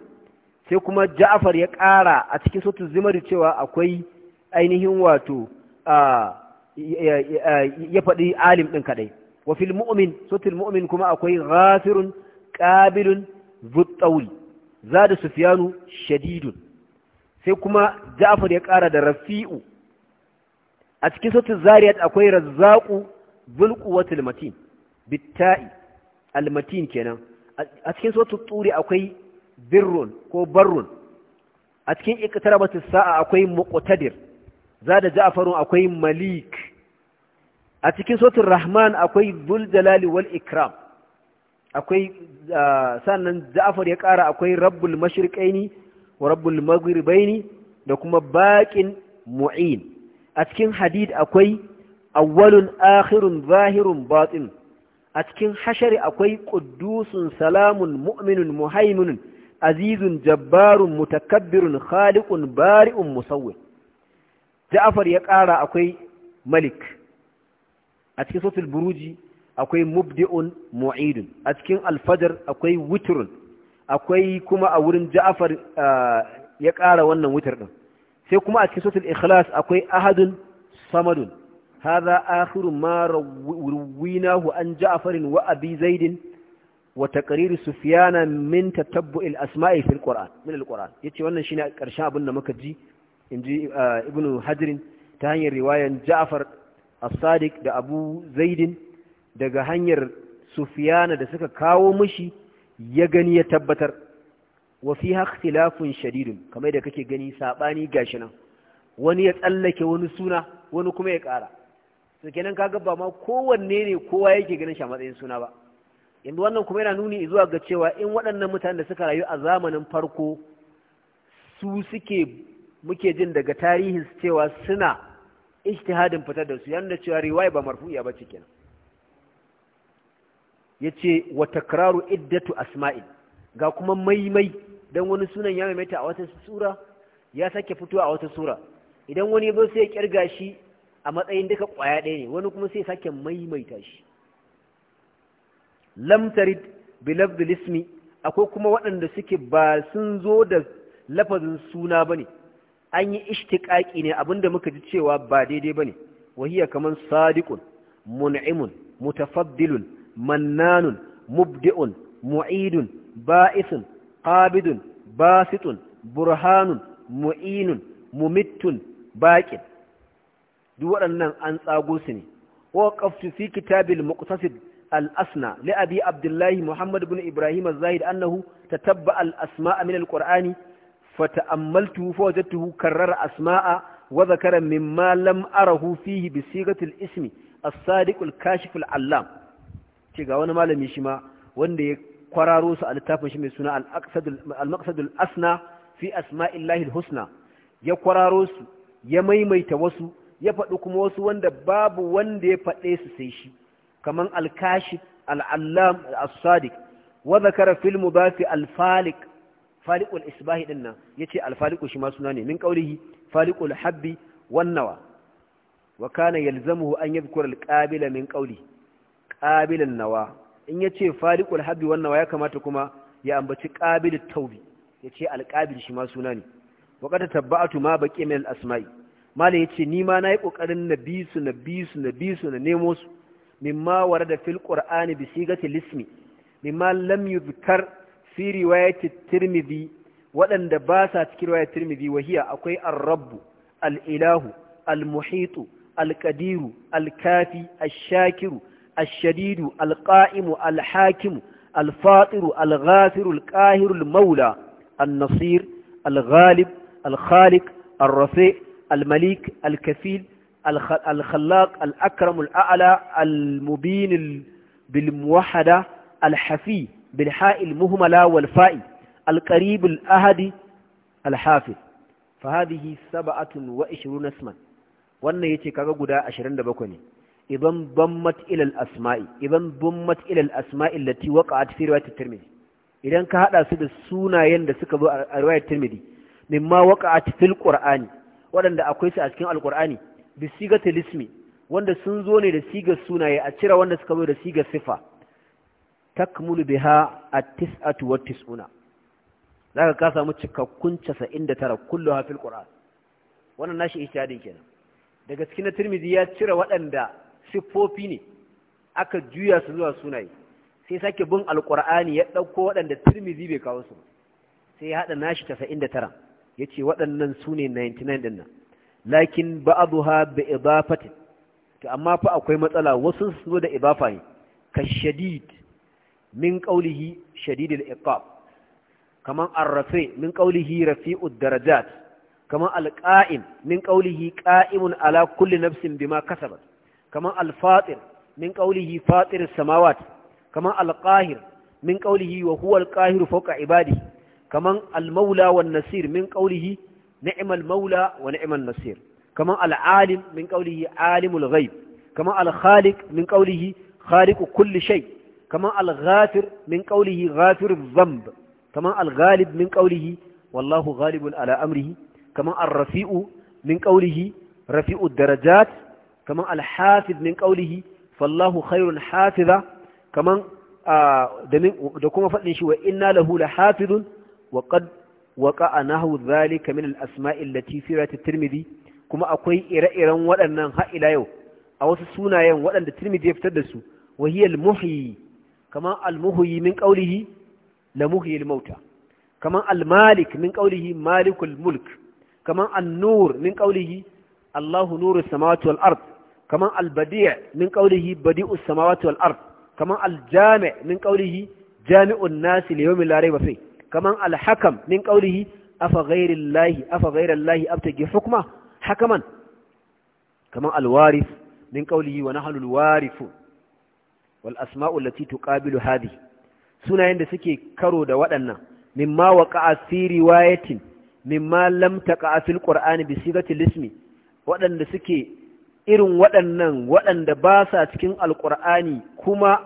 sai kuma ja'afar ya ƙara a cikin sautin zumari cewa akwai ainihin wato ya faɗi alim ɗin kaɗai wa fil mu'min sautin mu'min kuma akwai ghafirun qabilun zuttauli zada sufiyanu shadidun sai kuma ja'afar ya ƙara da rafi'u a cikin sautin zariyat akwai Razaƙu, zulquwatul matin bitta'i almatin kenan a cikin sautu turi akwai birrun ko barrun a cikin iqtarabatis sa'a akwai muqtadir zada ja'farun akwai malik a cikin sautin rahman akwai dhul jalali wal ikram akwai sannan ja'far ya ƙara akwai rabbul mashriqaini wa rabbul maghribaini da kuma baqin mu'in a cikin hadid akwai awwalun akhirun zahirun batin a cikin hashari akwai ƙuddusun salamun mu'minun muhaiminun azizun jabbarun mutakabbirun khaliqun bari'un musawwir Ja'far ya ƙara akwai Malik a cikin sautul buruji akwai mubdi'un mu'idun a cikin alfajar akwai witrun akwai kuma a wurin Ja'far ya ƙara wannan witr ɗin sai kuma a cikin sautul ikhlas akwai ahadun samadun هذا آخر ما رويناه عن جعفر وأبي زيد وتقرير سفيان من تتبع الأسماء في القرآن من القرآن يتي وانا شنا كرشا ابن مكجي انجي آه ابن حجر تهني رواية جعفر الصادق دا أبو زيد دا هنير سفيان دا سكا كاو مشي يغني يتبتر وفيها اختلاف شديد كما يدى كي غني ساباني غاشنا wani ya tsallake wani suna wani kuma ya ƙara to kenan kaga ba ma kowanne ne kowa yake ganin shi a matsayin suna ba yanzu wannan kuma yana nuni zuwa ga cewa in waɗannan mutanen da suka rayu a zamanin farko su suke muke jin daga tarihin su cewa suna ijtihadin fitar da su yanda cewa riwaya ba marfu'iya ba cikin yace wa takraru iddatu asma'il ga kuma maimai dan wani sunan ya maimaita a wata sura ya sake fitowa a wata sura idan wani ya zo sai ya kirga shi a matsayin duka ƙwaya ɗaya ne wani kuma sai sake maimaita shi lamtarid bilabdul lismi akwai kuma waɗanda suke ba sun zo da lafazin suna ba ne an yi ishtiƙaƙi ne abinda muka ji cewa ba daidai ba ne wahiya kamar sadiƙun mun'imun mutafaddilun mannanun mubdi'un mu'idun ba'isun qabidun basitun burhanun mu'inun mumittun baƙin duk waɗannan an tsago su ne wa qaftu fi kitabil muqtasid al-asna li abi abdullahi muhammad ibn ibrahim az-zahid annahu tatabba al-asma'a min al-qur'ani fata'ammaltu fa wajadtuhu karrara asma'a wa dhakara mimma lam arahu fihi bi sigati al-ismi as-sadiq al-kashif al-allam ce ga wani malami shi ma wanda ya kwararo su a littafin shi mai suna al-maqsad al-asna fi asma'illahi al-husna ya kwararo su ya maimaita wasu ya faɗi kuma wasu wanda babu wanda ya faɗe su sai shi kaman alkashi al'allam as-sadiq wa filmu ba mudafi al-faliq faliqul isbahi din nan yace al-faliqu shi ma suna ne min qawlihi faliqul habbi wannawa? nawa wa kana yalzamuhu an yadhkura al-qabila min qawli qabilan nawa in ya ce faliqul habbi wannawa ya kamata kuma ya ambaci qabilut tawbi yace al-qabil shi ma suna ne wa qad tabba'tu ma baqiya min al-asma'i malam yace ni ma yi kokarin na bi su na bi su na bi su na nemo su mimma da fil qur'ani bi sigati lismi mimma lam yuzkar fi riwayati tirmidhi waɗanda ba sa cikin riwayat tirmidhi wahiya akwai ar-rabb al-ilahu al-muhitu al kadiru al-kafi ash-shakiru ash-shadidu al-qa'imu al-hakimu al-fatiru al-ghafiru al al-maula an-nasir al-ghalib al-khaliq ar-rafi' المليك الكفيل الخلاق الأكرم الأعلى المبين بالموحدة الحفي بالحاء المهملة والفاء القريب الأهدي الحافظ فهذه سبعة وعشرون اسما وأن يتكاك قد عشرين دبكني إذا ضمت إلى الأسماء إذا ضمت إلى الأسماء التي وقعت في رواية الترمذي إذا كهذا سيد السونا يندسك رواية الترمذي مما وقعت في القرآن waɗanda akwai su a cikin alkur'ani bi sigatul ismi wanda sun zo ne da sigar sunaye a cire wanda suka zo da sigar sifa takmulu biha at-tis'atu wat-tis'una zaka ka samu cikakkun 99 kulluha fil qur'an wannan nashi ihtiyadin kenan daga cikin na tirmidhi ya cire waɗanda siffofi ne aka juya su zuwa sunaye sai sake bin alkur'ani ya ɗauko waɗanda tirmidhi bai kawo su sai ya haɗa nashi 99 yace waɗannan su ne 99 ɗin nan lakin ba'dha bi idafatin to amma fa akwai matsala wasu su da ibafa ne ka shadid min qawlihi shadid iqab kaman arrafe min qawlihi rafi'ud darajat kaman al-qa'im min qawlihi qa'imun ala kulli nafsin bima kasabat kaman al min qawlihi fatir as-samawati kaman al min qawlihi wa huwa al fawqa ibadihi kaman al-maula wan nasir min qawlihi ni'mal maula wa ni'mal nasir kaman al-alim min qawlihi alimul ghaib kaman al-khaliq min qawlihi khaliqu kulli shay kaman al-ghafir min qawlihi ghafirudh dhanb kaman al-ghalib min qawlihi wallahu ghalibun ala amrihi kaman ar-rafi'u min qawlihi rafi'ud darajat kaman al-hafiz min qawlihi fallahu khairul hafiza kaman ah, da kuma faɗin shi wa inna lahu lahafizun وقد وقع نحو ذلك من الأسماء التي في رواية الترمذي كما أقوي إرائرا وأن ها إلى يوم أو سسونا يوم وأن الترمذي يفتدس وهي المحيي كما المحيي من قوله لمحيي الموتى كما المالك من قوله مالك الملك كما النور من قوله الله نور السماوات والأرض كما البديع من قوله بديع السماوات والأرض كما الجامع من قوله جامع الناس ليوم لا ريب فيه kaman alhakam min qawlihi afa ghairillahi afa ghairillahi abtagi hukma hakaman kaman alwarith min qawlihi wa nahnu alwarithun wal asma'u allati tuqabilu hadhihi sunayen da suke karo da waɗannan mimma waqa'a fi riwayatin mimma lam taqa fil qur'ani bi sigati waɗanda suke irin waɗannan waɗanda ba sa cikin alƙur'ani kuma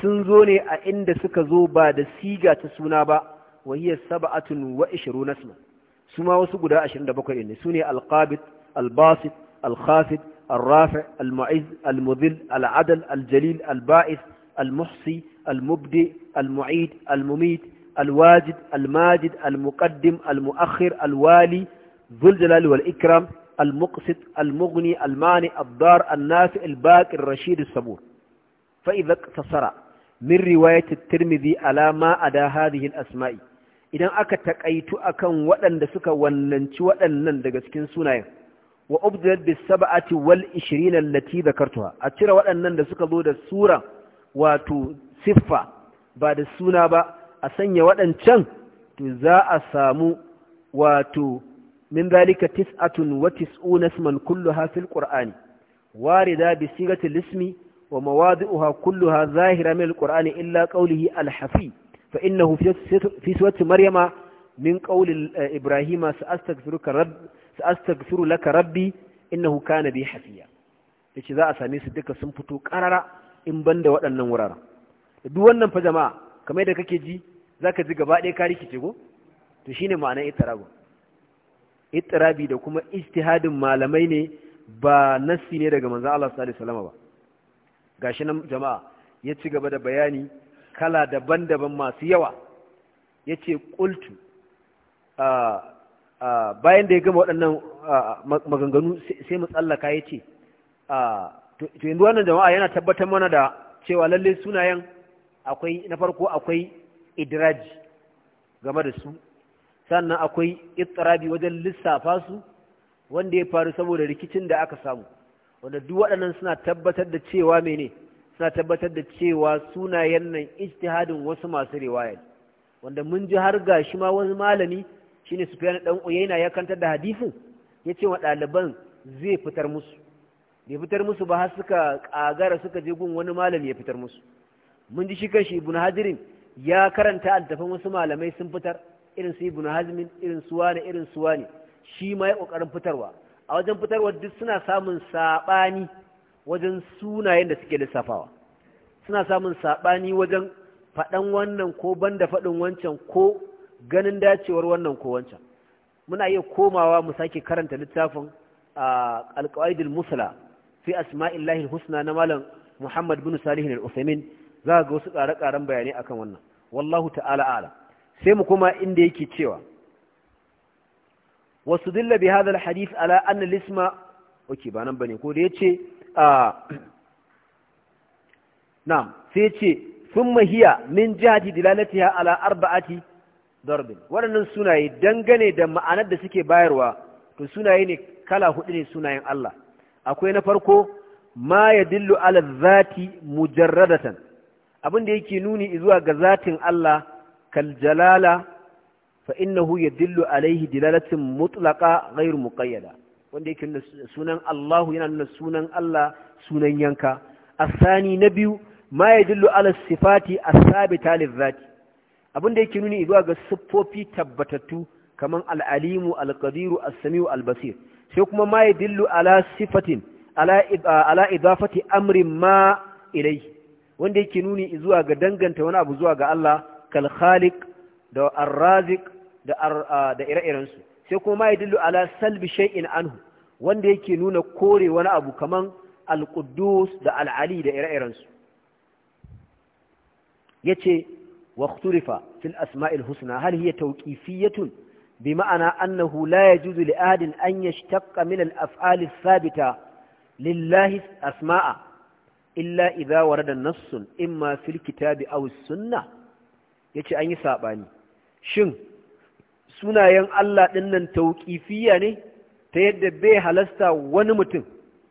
sun zo ne a inda suka zo ba da siga ta suna ba وهي سبعة وعشرون اسما سما nasma عشرين wasu guda 27 القابض الباسط الخافض الرافع المعز المذل العدل الجليل الباعث المحصي المبدئ المعيد المميت الواجد الماجد المقدم المؤخر الوالي ذو الجلال والإكرام المقسط المغني المانع الضار النافع الباقي الرشيد الصبور فإذا اقتصر من رواية الترمذي على ما أدى هذه الأسماء idan aka takaitu akan waɗanda suka wannanci waɗannan daga cikin sunayen wa ubdilat bis sab'ati wal 20 allati dhakartuha a cire waɗannan da suka zo da sura wato siffa ba da suna ba a sanya waɗancan to za a samu wato min zalika tis'atun wa tis'una isman kulluha fil qur'ani warida bi sigati al-ismi wa mawadi'uha kulluha zahira min al-qur'ani illa qawlihi al-hafi fa innahu fi surati maryama min qawli ibrahima sa'astaghfiruka rabb sa'astaghfiru laka rabbi innahu kana bi hafiya yace za a same su duka sun fito karara in banda waɗannan wuraren duk wannan fa jama'a kamar da kake ji zaka ji gaba ɗaya ka rikice ko to shine ma'anar itirabu itirabi da kuma ijtihadin malamai ne ba nassi ne daga manzon Allah sallallahu alaihi wasallam ba gashi nan jama'a ya ci gaba da bayani kala daban-daban masu yawa ya ce ƙultu bayan da ya gama waɗannan maganganu sai mu tsallaka ya ce to yanzu wannan jama'a yana tabbatar mana da cewa lallai sunayen akwai na farko akwai idiraji game da su sannan akwai itirabi wajen lissafa su wanda ya faru saboda rikicin da aka samu wanda duk waɗannan suna tabbatar da cewa mene suna tabbatar da cewa sunayen nan ijtihadin wasu masu riwaya wanda mun ji har ga shi ma wani malami shine Sufyan dan uyaina ya kantar da hadisin ce wa ɗaliban zai fitar musu bai fitar musu ba har suka kagara suka je gun wani malami ya fitar musu mun ji shi kanshi Ibn Hadirin ya karanta altafin wasu malamai sun fitar irin su Ibn Hazmin irin su wani irin su wani shi ma ya kokarin fitarwa a wajen fitarwa duk suna samun saɓani. wajen sunayen da suke lissafawa suna samun saɓani wajen faɗan wannan ko banda faɗin wancan ko ganin dacewar wannan ko wancan muna iya komawa mu sake karanta littafin alƙawaidul musla fi asma'illahi husna na malam muhammad bin salihin al-usaimin za ga wasu ƙare-ƙaren bayanai akan wannan wallahu ta'ala ala sai mu kuma inda yake cewa wasu dilla bi hadal hadith ala anna lisma oke ba nan bane ko da yace na'am sai ce sun min jihati dilalatiha ala arba'ati darbin waɗannan sunaye dangane da ma'anar da suke bayarwa to sunaye ne kala hudu ne sunayen Allah akwai na farko ma ya dillu ala zati mujarradatan abin da yake nuni zuwa ga zatin Allah kal jalala fa innahu yadillu alaihi dilalatin mutlaqa ghairu muqayyada wanda yake sunan Allahu yana nuna sunan Allah sunan yanka asani na biyu ma dillu ala sifati asabita sabita lizati abin da yake nuni zuwa ga siffofi tabbatattu kaman al-alimu al-qadiru as-samiu al-basir sai kuma ma dillu ala sifatin ala ala idafati amrin ma ilai wanda yake nuni zuwa ga danganta wani abu zuwa ga Allah kal khaliq da ar-raziq da da ire-irensu sai kuma ya dillu ala salbi shay'in anhu wanda yake nuna kore wani abu kaman al-quddus da al-ali da ire-iren su yace waqturifa fil asma'il husna har hiya tawqifiyatun bi ma'ana annahu la yajuzu li ahadin an yashtaqqa min al-af'ali thabita lillahi asma'a illa idha warada nassun imma fil kitabi Ausunna. as-sunnah yace an yi saɓani. shin sunayen Allah ɗin nan tauƙifiya ne ta yadda bai halasta wani mutum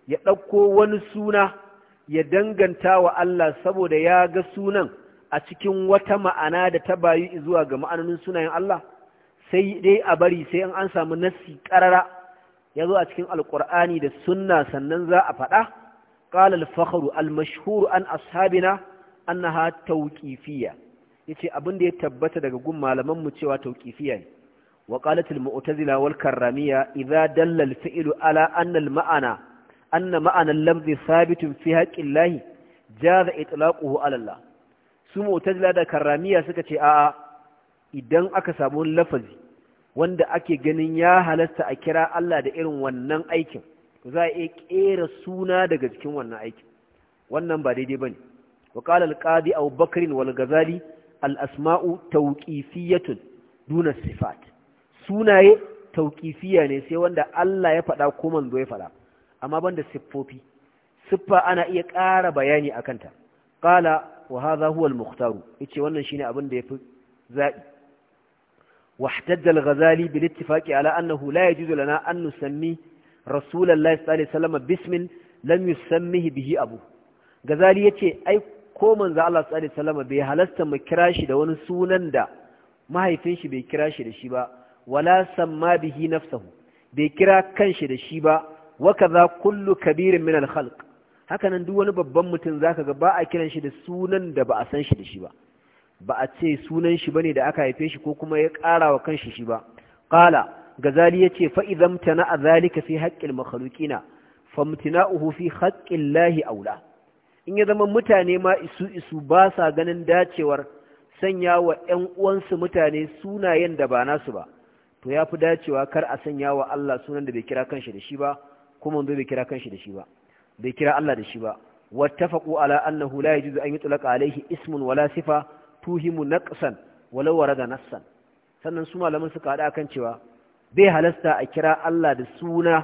ya ɗauko wani suna ya danganta wa Allah saboda ya ga sunan a cikin wata ma'ana da ta bayu zuwa ga ma'anonin sunayen Allah sai dai a bari sai an samu nassi ƙarara ya zo a cikin alƙur'ani da sunna sannan za a faɗa قال الفخر المشهور an ashabina annaha tauqifiyya yace abin da ya tabbata daga gun malaman mu cewa tauƙifiya ne وقالت المؤتزلة والكرامية إذا دل الفئل على أن المعنى أن معنى اللفظ ثابت في حق الله جاز إطلاقه على الله su mu'tazila da karramiya suka ce a'a idan aka samu lafazi wanda ake ganin ya halasta a kira Allah da irin wannan aikin za a iya kera suna daga cikin wannan aikin wannan ba daidai bane wa qala al-qadi Abu Bakr wal Ghazali al-asma'u tawqifiyatun duna sifat sunaye tauƙifiya ne sai wanda Allah ya faɗa ko manzo ya faɗa amma banda siffofi siffa ana iya ƙara bayani a kanta ƙala wa haza huwa al-mukhtaru yace wannan shine abin da yafi zabi wahtajja al-ghazali bil ittifaqi ala annahu la yajuzu lana an nusammi rasulullahi sallallahu alaihi wasallam bismin lam yusammihi bihi abu ghazali yace ai ko manzo Allah sallallahu bai halarta mu kira shi da wani sunan da mahaifinshi bai kira shi da shi ba wala samma bihi nafsahu bai kira kanshi da shi ba wa kaza kullu kabirin min al-khalq hakanan duk wani babban mutum zaka ga ba a kiran shi da sunan da ba a san shi da shi ba ba a ce sunan shi bane da aka haife shi ko kuma ya ƙara wa kanshi shi ba qala gazali yace fa idzam tana zalika fi haqqil makhluqina famtina'uhu fi haqqil lahi aula in ya zama mutane ma isu isu ba sa ganin dacewar sanya wa ƴan uwansu mutane sunayen da ba nasu ba to ya fi dacewa kar a sanya wa Allah sunan da bai kira kanshi da shi ba kuma manzo bai kira kanshi da shi ba bai kira Allah da shi ba wattafaqu ala annahu la yajuzu an yutlaqa alayhi ismun wala sifa tuhimu naqsan walau warada nasan. sannan su malaman suka hada kan cewa bai halasta a kira Allah da suna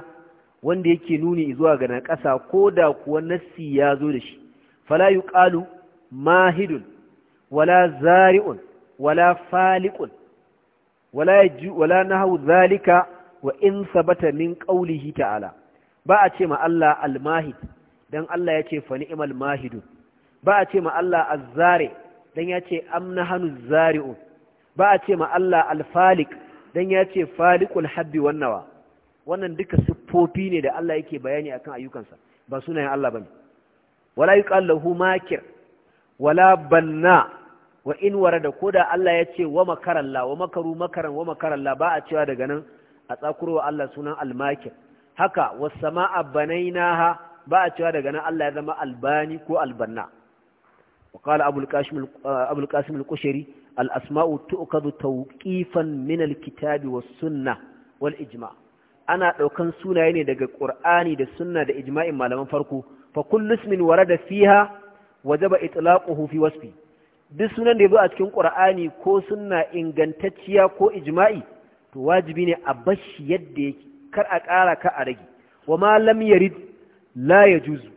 wanda yake nuni zuwa ga naƙasa ko da kuwa nassi ya zo da shi fala yuqalu mahidun wala zari'un wala faliqun wala yaju wala na hau zalika wa insa batamin min qawlihi ala. ba ce ma Allah al dan Allah ya ce fa ni'mal mahidun ba a ce ma Allah az-zari dan ya ce amna hanu zari'un ba ce ma Allah alfalik. dan ya ce faliqul habbi wan wannan duka siffofi ne da Allah yake bayani akan ayyukansa ba sunayen Allah bane wala yuqal lahu makir wala banna wa in warada ko da Allah ya ce wa makaralla wa makaru makaran wa makaralla ba a cewa daga nan a tsakurowa Allah sunan almakir haka was sama'a banainaha ba a cewa daga nan Allah ya zama albani ko albanna wa qala abul qasim al uh, al-asma'u tukadu tawqifan min al-kitabi was sunnah wal ijma' ana daukan sunaye ne daga qur'ani da sunna da ijma'in malaman farko fa kullu ismin warada fiha wajaba itlaquhu fi wasfi duk sunan da ya zo a cikin ƙur'ani ko sunna ingantacciya ko ijma'i to wajibi ne a bashi yadda yake kar a ƙara ka a rage wa ma lam yarid la yajuzu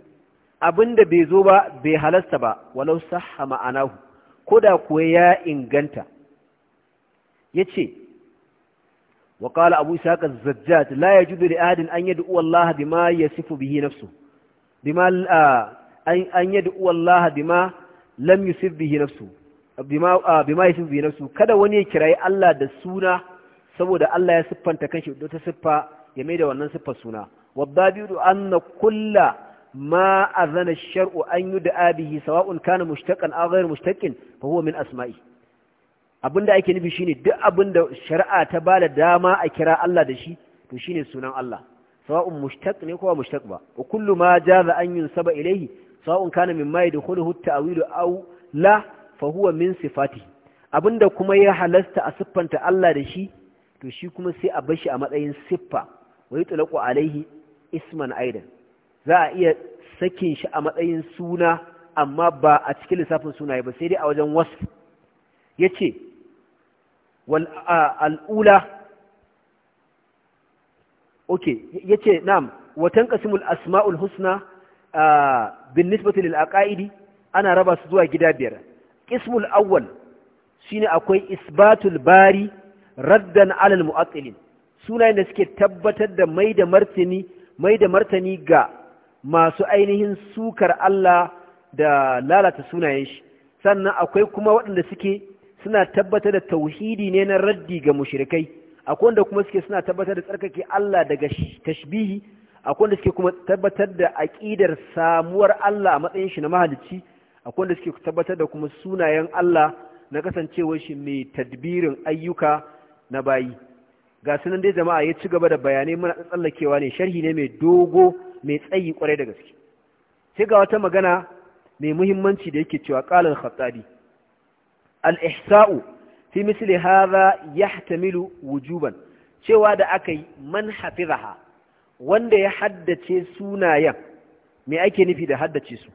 abinda bai zo ba bai halasta ba walau sahha ma'anahu ko da kuwa ya inganta yace wa qala abu Isaka az-zajjaj la yajuzu li ahadin an yad'u Allah bima yasifu bihi nafsuhu bima ah, an yad'u Allah bima lam yusif bihi nafsu bima bima yusif bihi nafsu kada wani ya kirayi Allah da suna saboda Allah ya siffanta kanshi da ta siffa ya maida wannan siffar suna wadabiru anna kulla ma azana shar'u an yud'a bihi sawa'un kana mushtaqan aw ghayr mushtaqin fa huwa min asma'i abinda ake nufi shine duk abinda shari'a ta bada dama a kira Allah da shi to shine sunan Allah sawa'un mushtaq ne ko mushtaq ba wa kullu ma jaza an yunsaba ilayhi in kana mimma hutta a tawilu au la fa huwa min sifati abinda kuma ya halasta a siffanta Allah da shi to shi kuma sai a bashi a matsayin siffa wa yutlaqu alaihi isman aidan za a iya sakin shi a matsayin suna amma ba a cikin lissafin suna ba sai dai a wajen wasu yace wal al'ula Ok ya ce na'am watan kasimul asma'ul husna a nisbatu lil aqaidi ana raba su zuwa gida biyar ƙismul awwal shine akwai isbatul bari raddan alal mu'attilin sunayen da suke tabbatar da mai da martani mai da martani ga masu ainihin sukar Allah da lalata sunayen shi sannan akwai kuma waɗanda suke suna tabbatar da tauhidi ne na raddi ga mushrikai akwai wanda kuma suke suna tabbatar da tsarkake Allah daga tashbihi akwai wanda suke kuma tabbatar da aƙidar samuwar Allah a matsayin shi na mahalicci akwai wanda suke tabbatar da kuma sunayen Allah na kasancewar shi mai tadbirin ayyuka na bayi ga sunan dai jama'a ya ci gaba da bayanai muna tsallakewa ne sharhi ne mai dogo mai tsayi kwarai da gaske sai ga wata magana mai muhimmanci da yake cewa qalan khattabi al-ihsa'u fi misli hadha yahtamilu wujuban cewa da aka yi man hafizaha wanda ya haddace sunayen me ake nufi da haddace su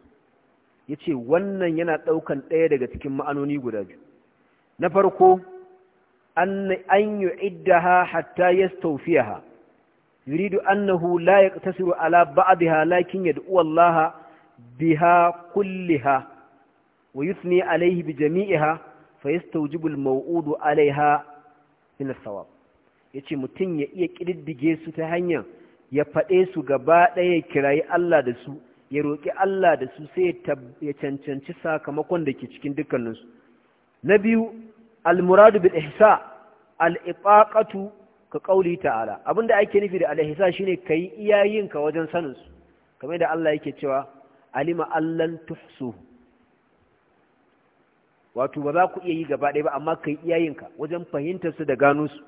ya ce wannan yana ɗaukan ɗaya daga cikin ma'anoni guda biyu na farko an yi ha hatta ya ha yuridu annahu la ya tasiru ala ha lakin ya du'u allaha biha ha. wa yusni alaihi bi ha? fa yastawjibu al-maw'udu alaiha min as Ya ce mutum ya iya ƙididdige su ta hanyar ya faɗe su gaba ɗaya ya kirayi Allah da su ya roƙi Allah da su sai ya cancanci sakamakon da ke cikin dukkaninsu na biyu almuradu bil ihsa al-ifaqatu ka ƙauli ta'ala da ake nufi da al-ihsa shine ka yi iyayinka wajen saninsu. kamar da Allah yake cewa alima allan tuhsu wato ba za ku iya yi gaba ɗaya ba amma ka yi ka wajen fahimtarsu da gano su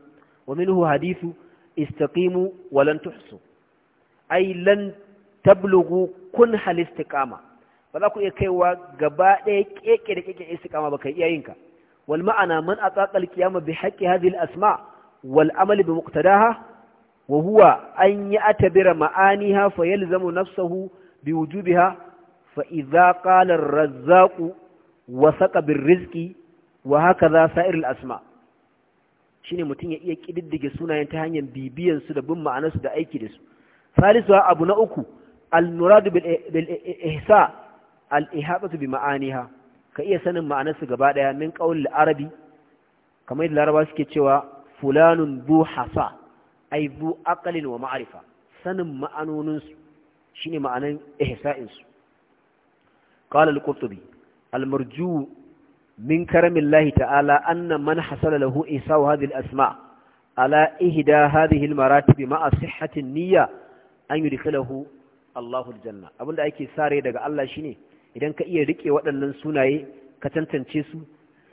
wa minhu hadithu istaqimu wa ai lan tablugu kun hal istiqama ba za ku iya kaiwa gaba ɗaya keke da keke istiqama ba kai iyayinka wal ma'ana man ataqal qiyama bi haqqi hadhihi al asma wal amali bi muqtadaha wa huwa an ya'tabira ma'aniha fa yalzamu nafsahu bi wujubiha fa idza qala ar-razzaq wa saqa bir rizqi wa hakaza sa'ir al asma shine mutum ya iya kididdige sunayen ta hanyar bibiyan su da bin ma'anasu da aiki da su salisuwa abu na uku al-muradu bil ihsa al-ihabatu bi ma'aniha ka iya sanin ma'anarsu gaba ɗaya, min qawl arabi kamar yadda laraba suke cewa fulanun bu hasa ai bu aqlin wa ma'rifa sanin ma'anoninsu shine ma'anan ihsa'insu qala al-qurtubi al-marju من كرم الله تعالى أن من حصل a إيساء هذه الأسماء على إهدى هذه المراتب مع صحة النية an yi rikalahu Allahu aljanna abinda ake sare daga Allah shine idan ka iya rike waɗannan sunaye ka tantance su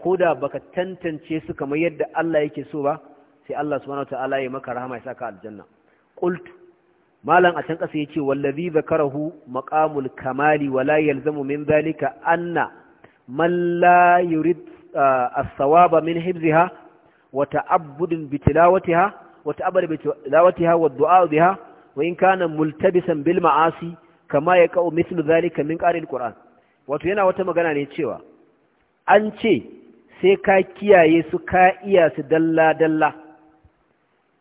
ko da baka tantance su kamar yadda Allah yake so ba sai Allah subhanahu ya maka rahama ya saka aljanna qult malam a can kasa yace wallazi zakarahu maqamul kamali wala yalzamu min zalika anna man la yurid uh, as-sawaba min hibziha wa ta'abbudin bi wa ta'abbud wa du'a biha وإن كان ملتبسا multabisan bil ma'asi kama ya من mithlu القرآن min wato yana wata magana ne cewa an ce sai ka kiyaye su ka iya su dalla dalla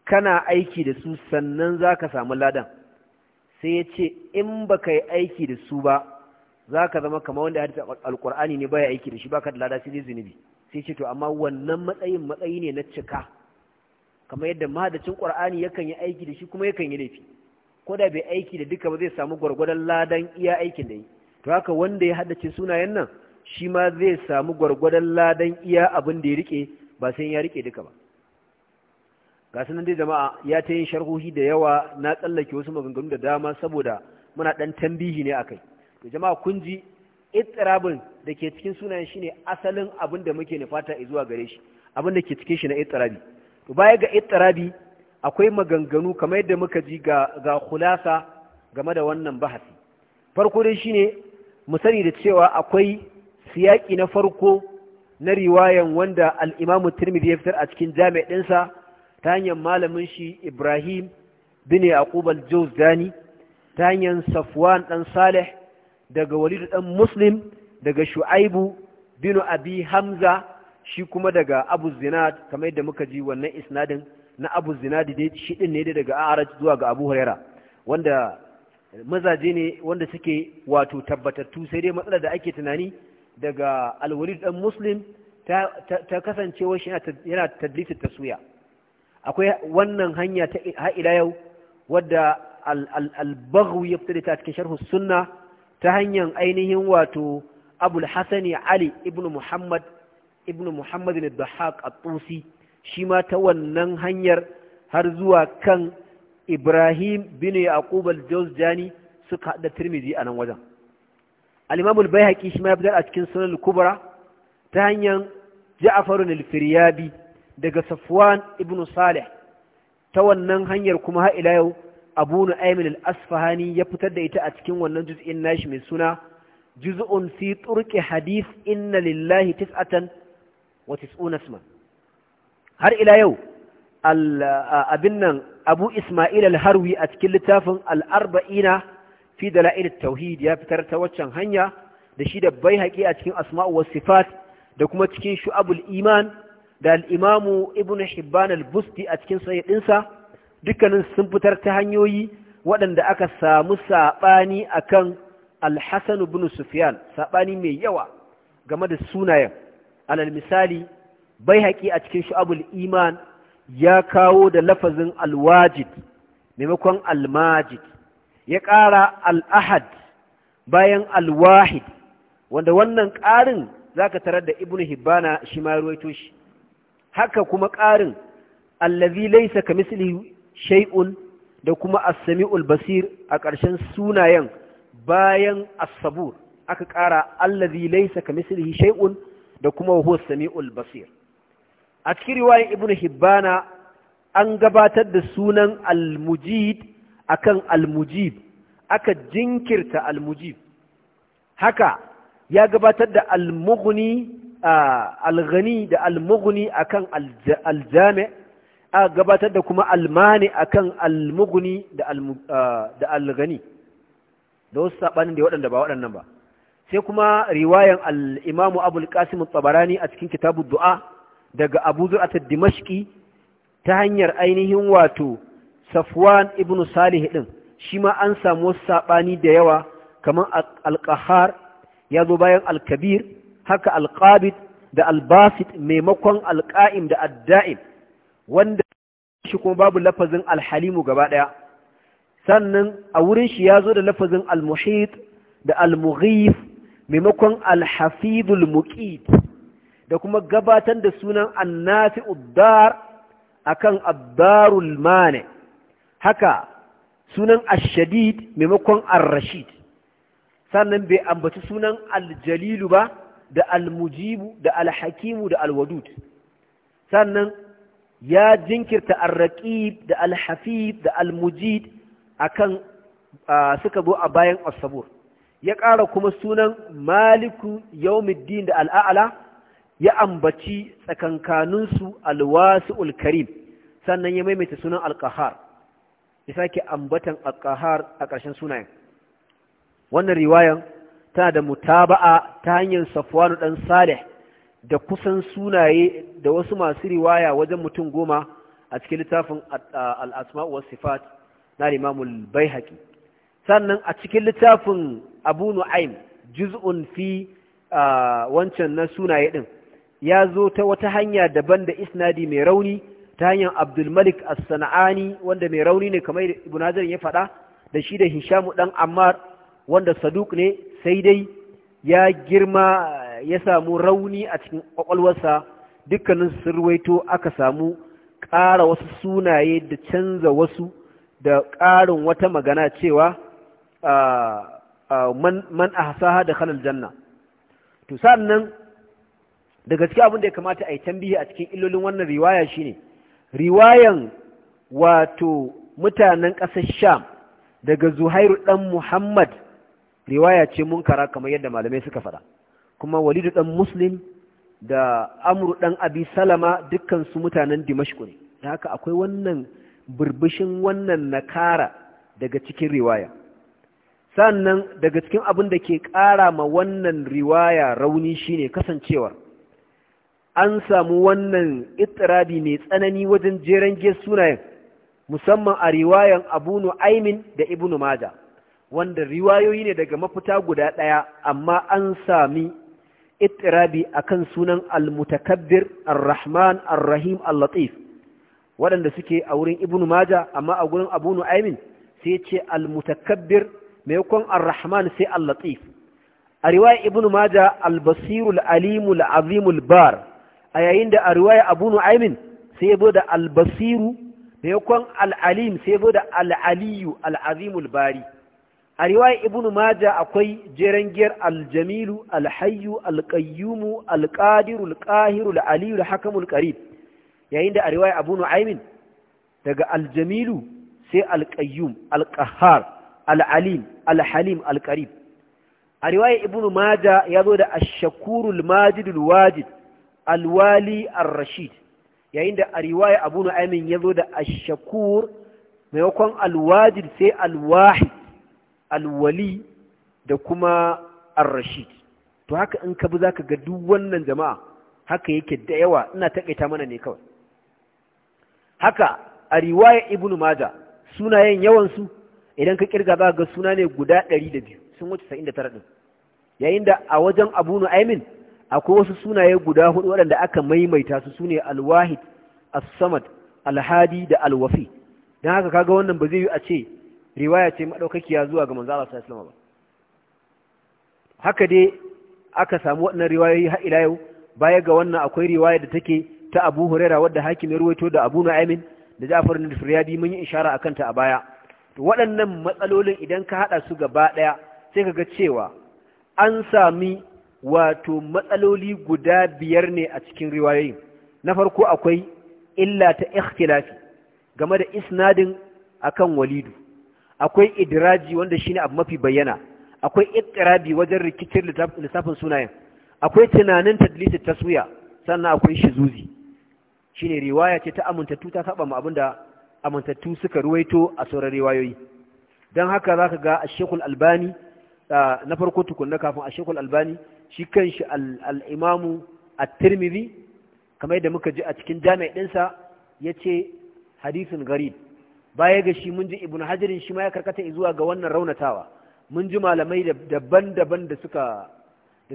kana aiki da su sannan zaka samu ladan sai ya ce in baka yi aiki da su ba zaka zama kamar wanda hadisi alqur'ani ne baya aiki da shi baka da lada sai dai zunubi sai ce to amma wannan matsayin matsayi ne na cika kamar yadda mahadacin ƙwar'ani yakan yi aiki da shi kuma yakan yi laifi ko da bai aiki da duka ba zai samu gwargwadon ladan iya aikin da yi to haka wanda ya haddace sunayen nan shi ma zai samu gwargwadon ladan iya abin da ya rike ba sai ya rike duka ba ga sanan dai jama'a ya ta yin sharhohi da yawa na tsallake wasu maganganu da dama saboda muna dan tambihi ne akai to jama'a kun ji itrabun da ke cikin sunayen shine asalin abin da muke nufata zuwa gare shi abin da ke cikin shi na itrabi to baya ga itrabi akwai maganganu kamar yadda muka ji ga ga khulasa game da wannan bahasi farko dai shine mu sani da cewa akwai siyaki na farko na riwayan wanda al-Imam Tirmidhi ya fitar a cikin jami'in ɗinsa ta hanyar malamin shi Ibrahim bin Yaqub al-Jawzani ta hanyar Safwan dan Salih daga Walid dan Muslim daga Shu'aibu bin Abi Hamza shi kuma daga Abu Zinad kamar yadda muka ji wannan isnadin na abu zinadi dai shi din ne daga a'araj zuwa ga abu huraira wanda mazaje ne wanda suke wato tabbatattu sai dai matsalar da ake tunani daga alwalid dan muslim ta kasancewa shi yana ta suya akwai wannan hanya ta ha'ila yau wadda al-baghawi ya fita ta cikin sharh sunna ta hanyar ainihin wato abul hasani ali ibnu muhammad ibnu muhammad al-dhahhak at-tusi shi ma ta wannan hanyar har zuwa kan Ibrahim bin Yaqub al-Jawzjani suka hada Tirmidhi a nan wajen Al-Imam al-Baihaqi shi ma ya fitar a cikin Sunan al-Kubra ta hanyar Ja'far al-Firyabi daga Safwan ibn Salih ta wannan hanyar kuma har ila yau Abu Nu'aym al-Asfahani ya fitar da ita a cikin wannan juz'in nashi mai suna Juz'un fi turqi hadith inna lillahi tis'atan wa tis'una isman har ila yau abin nan abu ismail al-harwi a cikin littafin al-arba'ina fi La'il tauhid ya fitar ta waccan hanya da shi da bai haƙi a cikin asma'u wasu sifat da kuma cikin shu'abul iman da al-imamu ibn shibban al-busti a cikin sahih dukkanin sun fitar ta hanyoyi waɗanda aka samu saɓani a kan al hassan ibn sufyan saɓani mai yawa game da sunayen alal misali bai haƙi a cikin shu'abul iman ya kawo da lafazin alwajid maimakon almajid ya ƙara al'ahad bayan alwahid wanda wannan ƙarin za ka tarar da ibn hibbana shi ma ruwaito shi haka kuma ƙarin allazi laisa ka misli shay'un da kuma as-sami'ul basir a ƙarshen sunayen bayan as-sabur aka ƙara allazi laisa ka misli shay'un da kuma huwa as-sami'ul basir a cikin riwayar ibn hibbana an gabatar da sunan al almujid akan al almujib aka jinkirta al almujib haka ya gabatar da al alghani da al almughni akan al aljami a gabatar da kuma almani akan al almughni da al alghani da wasu saɓanin da waɗanda ba waɗannan ba sai kuma riwayan al'imamu abul qasim tabarani a cikin kitabu du'a daga abu zur'ata dimashki ta hanyar ainihin wato safwan ibn salih ɗin, shi ma an samu saɓani da yawa kamar al ya zo bayan Alkabir, haka al da al maimakon al-qa'im da ad wanda shi kuma babu lafazin Alhalimu gaba ɗaya, sannan a wurin shi ya zo da lafazin al da al maimakon al muqit da kuma gabatar da sunan annafi uddar akan abdarul mane haka sunan ashadid maimakon ar sannan bai ambaci sunan aljalilu ba da almujibu da alhakimu da alwadud sannan ya jinkirta arraqib da alhafid da almujid akan suka zo a bayan asabur ya ƙara kuma sunan maliku yawmiddin da al'a'ala ya ambaci tsakankaninsu alwasi'ul karim sannan ya maimaita sunan alkahar ya sake ambatan alkahar a ƙarshen sunayen wannan riwayan tana da mutaba'a ta hanyar safwanu ɗan salih da kusan sunaye da wasu masu riwaya wajen mutum goma a cikin littafin al'asma wa sifat na limamul bai sannan a cikin littafin abu nu'aim juz'un fi ah, wancan na sunaye ɗin ya zo ta wata hanya daban da isnadi mai rauni ta hanyar abdulmalik as-sana'ani wanda mai rauni ne kamar ibn hajar ya faɗa da shi da hishamu ɗan ammar wanda saduk ne sai dai ya girma ya samu rauni a cikin ƙwaƙwalwarsa dukkanin sirwaito aka samu ƙara wasu sunaye da canza wasu da ƙarin wata magana cewa ah, ah, man a hasaha da khalal janna to da gaske abin da ya kamata a yi tambihi a cikin illolin wannan riwaya shine riwayan wato mutanen ƙasar sham daga zuhairu ɗan muhammad riwaya ce munkara kamar yadda malamai suka fada kuma walidu ɗan muslim da amru ɗan abi salama dukkansu mutanen dimashku ne da haka akwai wannan burbushin wannan nakara daga cikin riwaya sannan daga cikin abin da ke ƙara ma wannan riwaya rauni shine kasancewar an samu wannan itirabi mai tsanani wajen jeren ge sunayen musamman a riwayan abu nu'aimin da ibnu maja wanda riwayoyi ne daga mafita guda ɗaya amma an sami itirabi kan sunan al-mutakabbir ar-rahman ar-rahim al-latif waɗanda suke a wurin ibnu maja amma a gurin abu nu'aimin sai ce al-mutakabbir maimakon ar-rahman sai al-latif a riwaya ibnu maja al-basirul alimul azimul bar a yayin da a riwaya abu nu'aimin sai ya da albasiru da al'alim sai ya zo da al'aliyu al'azimul bari a riwaya ibnu maja akwai jeren giyar aljamilu alhayu, alƙayyumu alƙadiru, alƙahiru alaliyu alhakamu alqarib yayin da a riwaya abu nu'aimin daga aljamilu sai alƙayyum alƙahar, alalim alhalim alƙarib a riwaya ibnu maja ya zo da ashakurul majidul wajid alwali ar-rashid yayin da a riwaya abu ya zo da ashakur maimakon alwajid sai alwahid alwali da kuma ar-rashid to haka in ka bi zaka ga duk wannan jama'a haka yake da yawa ina taƙaita mana ne kawai haka a riwaya ibnu maja sunayen yawansu, idan ka kirga za ga suna ne guda 102 sun wuce 79 yayin da a wajen abu akwai wasu sunaye guda hudu waɗanda aka maimaita su sune alwahid as-samad alhadi da alwafi dan haka kaga wannan ba zai yi a ce riwaya ce madaukakiya zuwa ga manzo Allah sallallahu alaihi wasallam ba haka dai aka samu wannan riwayoyi har ila yau baya ga wannan akwai riwaya da take ta Abu Huraira wadda hakim ya ruwaito da Abu Nu'aymin da Ja'far bin Furyadi mun yi ishara akan ta a baya to waɗannan matsalolin idan ka hada su gaba daya sai kaga cewa an sami wato matsaloli guda biyar ne a cikin riwayoyin na farko akwai illa ta ikhtilafi game da isnadin akan walidu akwai idraji wanda shine abu mafi bayyana akwai iqrabi wajen rikicin lissafin sunayen akwai tunanin tadlisi taswiya sannan akwai shizuzi shine riwaya ce ta amintattu ta saba mu abinda amintattu suka ruwaito a sauran riwayoyi dan haka zaka ga Ashekul Albani ah, na farko tukunna kafin Ashekul Albani shi kan shi Al'imamu a tirmidhi kamar da muka ji a cikin jami'a ɗinsa ya ce hadisin gari baya ga shi mun ji ibnu hajarin shi ma ya karkata zuwa ga wannan raunatawa mun ji malamai daban-daban da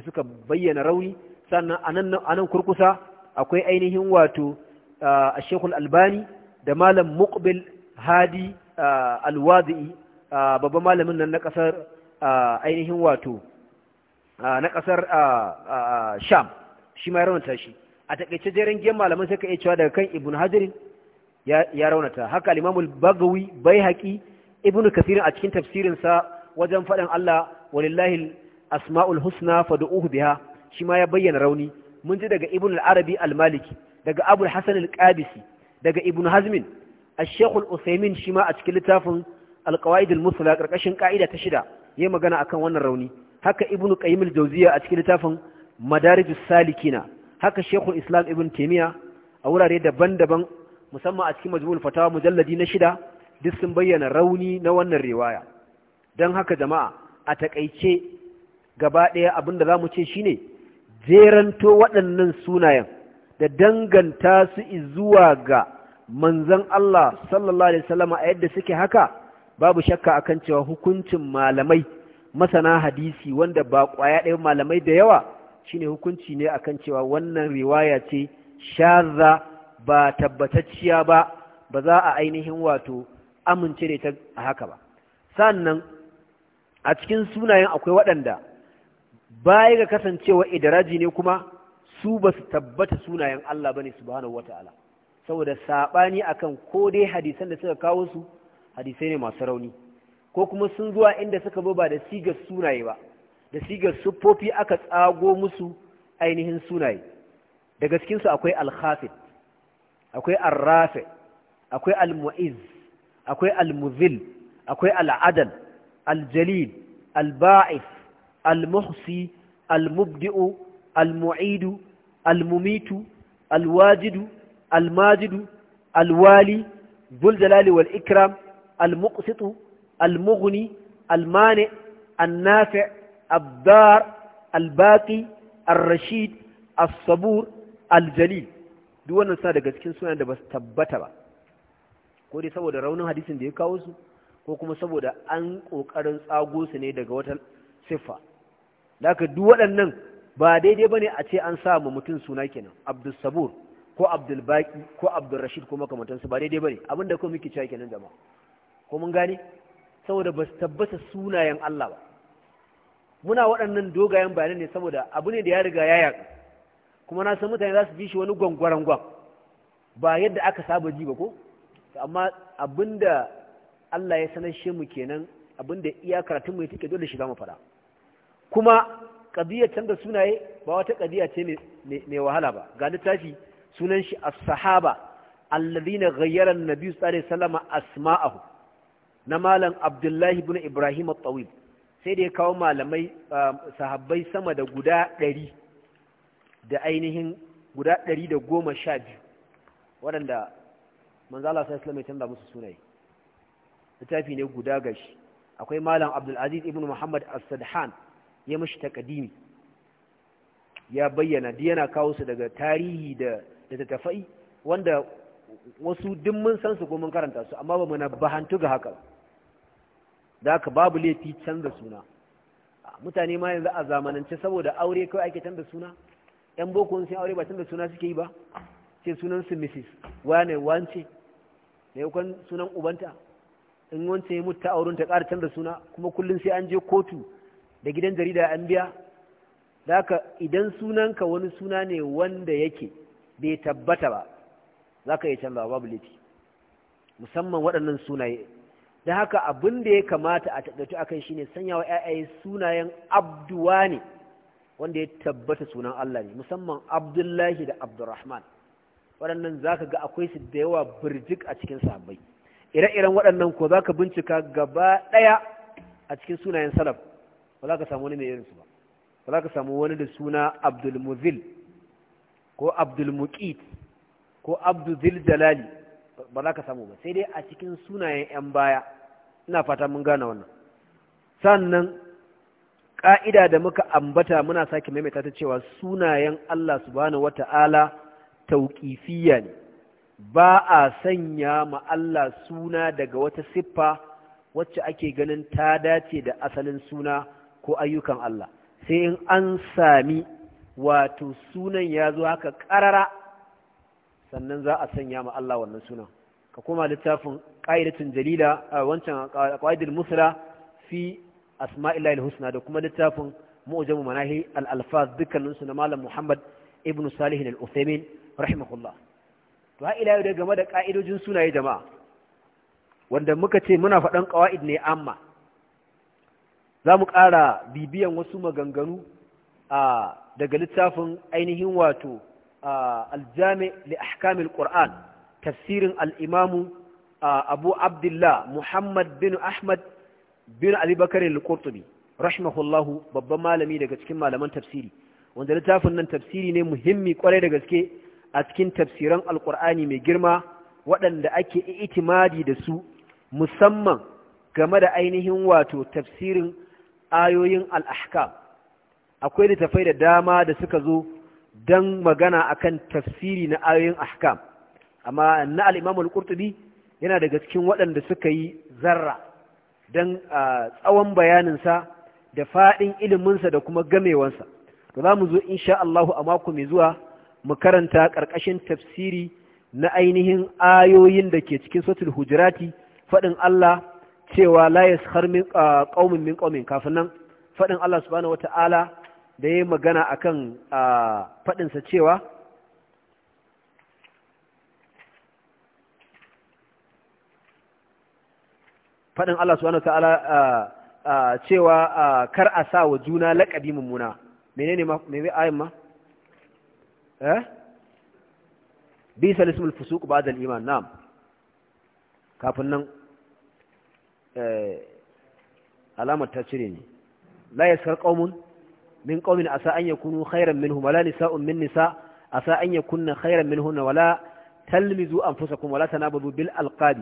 suka bayyana rauni sannan anan nan kurkusa akwai ainihin wato a shekul albani da malam muqbil hadi alwazi babban malamin nan na ƙasar ainihin wato na ƙasar sham shi ma ya raunata shi a taƙaice jeren gen malamai sai ka iya cewa daga kan ibn hajarin ya raunata haka limamul bagawi bai haƙi ibn kasirin a cikin tafsirinsa wajen faɗin allah walillahi asma'ul husna fad'uhu biha shi ma ya bayyana rauni mun ji daga ibn al-arabi al daga abu hasan qabisi daga ibn hazmin ash-shaykh usaimin usaymin shi ma a cikin littafin al-qawaid al ƙa'ida karkashin ta shida yayi magana akan wannan rauni haka ibnu qayyim al-jawziya a cikin littafin madarijus salikina haka shekul islam ibn taimiya a wurare daban-daban musamman a cikin majmu'ul fatawa mujalladi na shida duk sun bayyana rauni na wannan riwaya dan haka jama'a a takaice gaba daya abin da za ce shine jeranto waɗannan sunayen da danganta su zuwa ga manzon Allah sallallahu alaihi wasallam a yadda suke haka babu shakka akan cewa hukuncin malamai masana hadisi wanda ba kwaya ɗaya malamai da yawa shine hukunci ne akan cewa wannan riwaya ce shaza ba tabbatacciya ba ba za a ainihin wato amince da ita a haka ba sannan a cikin sunayen akwai waɗanda baya ga kasancewa idaraji ne kuma su ba su tabbata sunayen Allah bane subhanahu wata'ala saboda sabani akan ko dai hadisan da suka kawo su hadisai ne masu rauni ko kuma sun zuwa inda suka zo ba da sigar sunaye ba da sigar siffofi aka tsago musu ainihin sunaye daga cikinsu akwai alhafid akwai arrafe akwai almu'iz akwai almuzil akwai al'adal aljalil alba'if almuhsi almubdi'u almu'idu almumitu alwajidu almajidu alwali ذو الجلال ikram المقسط المغني المانع النافع الدار الباقي الرشيد الصبور الجليل duk wannan suna daga cikin sunan da ba su tabbata ba ko dai saboda raunin hadisin da ya kawo su ko kuma saboda an ƙoƙarin tsago su ne daga wata siffa da aka duk waɗannan ba daidai ba ne a ce an sa ma mutum suna kenan abdul sabur ko abdul baki ko abdul rashid ko makamantansu ba daidai ba ne abinda kuma muke cewa kenan jama'a ko mun gane saboda ba su tabbata sunayen Allah ba muna waɗannan dogayen bayanai ne saboda abu ne da ya riga ya yaƙi kuma na san mutane za su bi shi wani gwangwaran gwang ba yadda aka saba ji ba ko amma abinda Allah ya sanar shi mu kenan abinda iya karatun mu take dole za mu fara kuma qadiyar canza sunaye ba wata qadiya ce mai wahala ba ga littafi sunan shi as-sahaba alladhina ghayyara an-nabi sallallahu alaihi wasallam asma'ahu na malam abdullahi bin ibrahim al-tawil sai da ya kawo malamai sahabbai sama da guda ɗari da ainihin guda ɗari da goma sha biyu waɗanda manzala sai islam ya canza musu sunaye littafi ne guda gashi akwai malam abdulaziz ibn muhammad al sadhan ya mashi takadimi ya bayyana da yana kawo su daga tarihi da littattafai wanda wasu duk mun san su mun karanta su amma ba mu na bahantu ga haka ba da haka babu laifi canza suna mutane ma yanzu a zamanance saboda aure kawai ake canza suna yan boko sun aure ba canza suna suke yi ba ce sunan su mrs wane wance da yakon sunan ubanta in wance ya mutu ta auren ta ƙara canza suna kuma kullum sai an je kotu da gidan jarida an biya da haka idan sunanka wani suna ne wanda yake bai tabbata ba za ka iya canza babu laifi musamman waɗannan sunaye da haka abin da ya kamata a taƙaitu shi shine sanya wa ƴaƴaye sunayen abduwa ne wanda ya tabbata sunan Allah ne musamman abdullahi da abdurrahman waɗannan za ka ga akwai su da yawa birjik a cikin sahabbai ire-iren waɗannan ko za ka bincika gaba ɗaya a cikin sunayen salaf ba za ka samu wani mai irinsu ba ba za ka samu wani da suna abdulmuzil ko abdulmuqit ko abduzil jalali ba za ka samu ba sai dai a cikin sunayen 'yan baya ina fata mun gane wannan sannan ka'ida da muka ambata muna sake maimaita ta cewa sunayen Allah subhanahu wata'ala tauƙifiya ne ba a sanya ma Allah suna daga wata siffa wacce ake ganin ta dace da asalin suna ko ayyukan Allah sai in an sami wato sunan ya zo haka ƙarara sannan za a sanya ma Allah wannan sunan ka koma littafin ƙa'idatun jalila a wancan ƙa'idul musula fi asma'ila husna da kuma littafin mu'jamu manahi al-alfaz dukkaninsu na malam muhammad ibn salih al-uthaymin rahimahullah to ha ila da game da ƙa'idojin sunaye jama'a wanda muka ce muna faɗan ƙawa'id ne amma za mu ƙara bibiyan wasu maganganu a daga littafin ainihin wato aljami li ahkamil qur'an tafsirin al'imamu abu abdullah muhammad bin ahmad bin abubakar al-qurtubi rahimahullahu babban malami daga cikin malaman tafsiri wanda littafin nan tafsiri ne muhimmi kwarai da gaske a cikin tafsiran alkur'ani mai girma waɗanda ake itimadi da su musamman game da ainihin wato tafsirin ayoyin al'ahkam akwai littafai da dama da suka zo don magana akan tafsiri na ayoyin ahkam amma na al’imam al’urtubi yana daga cikin waɗanda suka yi zarra don tsawon bayaninsa da faɗin iliminsa da kuma gamewansa to za mu zo insha Allahu a mako mai zuwa mu karanta ƙarƙashin tafsiri na ainihin ayoyin da ke cikin sotul hujirati faɗin Allah cewa la har min min ƙaumin kafin nan faɗin Allah subhanahu wata'ala da ya yi magana a kan faɗinsa cewa faɗin Allah subhanahu ta'ala cewa kar a sa wa juna laƙabi mummuna menene ma me ayin ma eh bisa lismul fusuq ba'da al-iman na'am kafin nan eh, alamar ta cire ni la yaskar qaumun min qaumin asa an yakunu khairan minhum wala nisa'un min nisa asa an yakunna khairan minhunna wala talmizu anfusakum wala tanabudu bil alqabi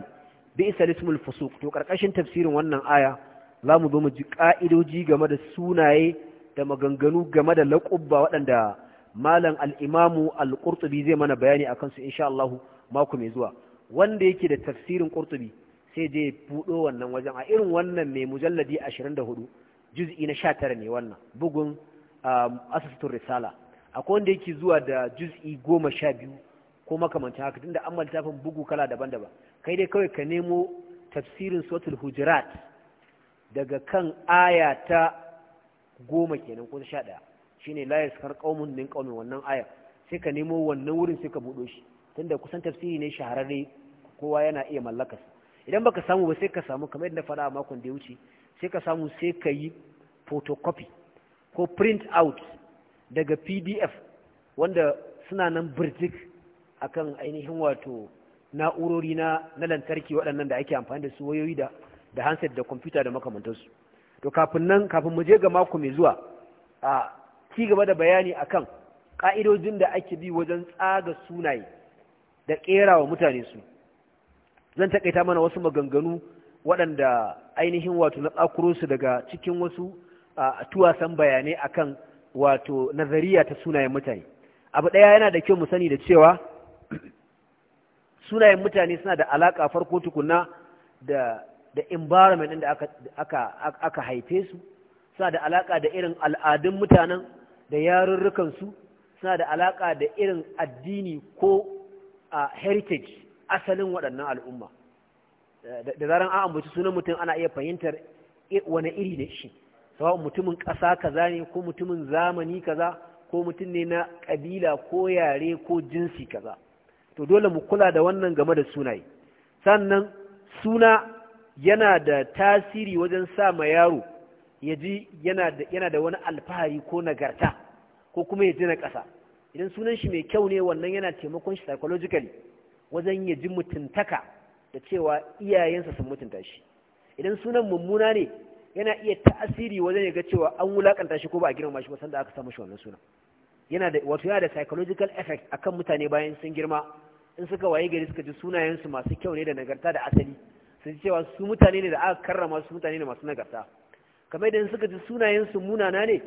bi'sa lismul fusuq to karkashin tafsirin wannan aya za mu zo mu ji ka'idoji game da sunaye da maganganu game da laqubba waɗanda malam al-imamu al-qurtubi zai mana bayani akan su insha Allah mako mai zuwa wanda yake da tafsirin qurtubi sai je budo wannan wajen a irin wannan mai mujalladi 24 juz'i na 19 ne wannan bugun asasatur risala akwai wanda yake zuwa da juz'i 12 ko makamancin haka tunda amma littafin bugu kala daban-daban kai dai kawai ka nemo tafsirin suratul hujurat daga kan aya ta goma kenan ko ta sha ɗaya shine la yaskar ƙaunin min ƙaunin wannan aya sai ka nemo wannan wurin sai ka buɗo shi da kusan tafsiri ne shahararre kowa yana iya mallakar idan baka samu ba sai ka samu kamar yadda faɗa a makon da ya wuce sai ka samu sai ka yi photocopy ko print out daga pdf wanda suna nan birjik akan ainihin wato na'urori na na lantarki waɗannan da ake amfani da su wayoyi da da handset da kwamfuta da makamantansu to kafin nan kafin mu je ga mako mai zuwa a ci gaba da bayani akan ƙa'idojin da ake bi wajen tsaga sunaye da ƙera wa mutane su zan takaita mana wasu maganganu waɗanda ainihin wato na tsakuro su daga cikin wasu tuwasan bayanai akan wato nazariya ta sunayen mutane abu ɗaya yana da kyau mu sani da cewa sunayen mutane suna da alaƙa farko tukunna da da environment ɗin da aka haife su suna da alaƙa da irin al'adun mutanen da yarurrukan su suna da alaƙa da irin addini ko heritage asalin waɗannan al'umma da zaran an ambaci sunan mutum ana iya fahimtar wani iri da shi sawa mutumin ƙasa kaza ne ko mutumin zamani kaza ko mutum ne na ƙabila ko yare ko jinsi kaza to dole mu kula da wannan game da sunaye sannan suna yana da tasiri wajen sa ma yaro ya ji yana da wani alfahari ko nagarta ko kuma ya ji na ƙasa idan sunan shi mai kyau ne wannan yana taimakon shi psychologically wajen ya ji mutuntaka da cewa iyayensa sun mutunta shi idan sunan mummuna ne yana iya tasiri wajen ya ga cewa an wulakanta shi ko ba a girma shi ba sanda aka samu shi wannan sunan yana da wato yana da psychological effect akan mutane bayan sun girma in suka waye gari suka ji sunayensu masu kyau ne da nagarta da asali su ji cewa su mutane ne da aka karrama su mutane ne masu nagarta kamar idan suka ji sunayensu munana ne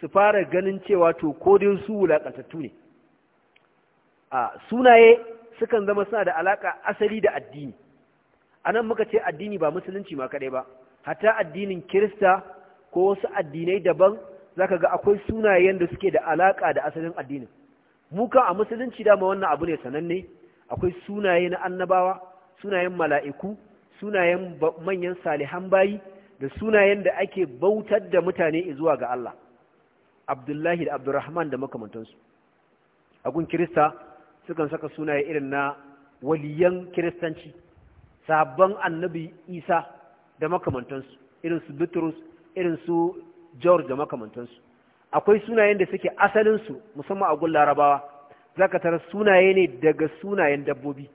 su fara ganin cewa to ko dai su wulaƙantattu ne a sunaye sukan zama suna da alaƙa asali da addini a nan muka ce addini ba musulunci ma kaɗai ba hatta addinin kirista ko wasu addinai daban zaka ga akwai sunayen da suke da alaƙa da asalin addinin muka a musulunci dama wannan abu ne sananne akwai sunaye na annabawa sunayen mala'iku sunayen manyan salihan bayi da sunayen da ake bautar da mutane zuwa ga Allah abdullahi da abdurrahman da makamantansu agun kirista sukan saka sunaye irin na waliyan kiristanci sabon annabi isa da makamantansu irin su bitrus irin su george da makamantansu akwai sunayen da suke asalinsu musamman a gun larabawa zaka tarar sunaye ne daga sunayen dabbobi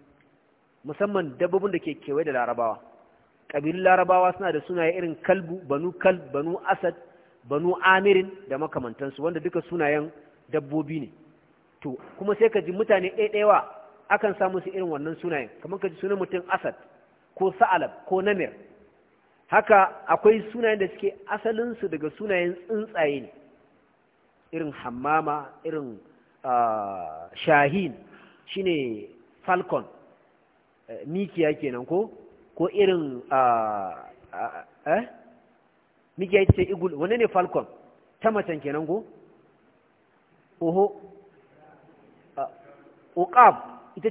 musamman dabbobin da ke kewaye da larabawa ƙabilun larabawa suna da sunaye irin kalbu banu kal banu asad banu amirin da makamantansu wanda duka sunayen dabbobi ne to kuma sai ka ji mutane ɗaiɗaiwa akan samu su irin wannan sunayen kamar ka ji sunan mutum asad ko sa'alab ko namir haka akwai sunayen da suke asalinsu daga sunayen tsuntsaye ne irin hammama irin shahin shine falcon eh, mikiya kenan ko ko irin eh mikiya ce igul wane ne falcon ta macen kenan ko oho okab ita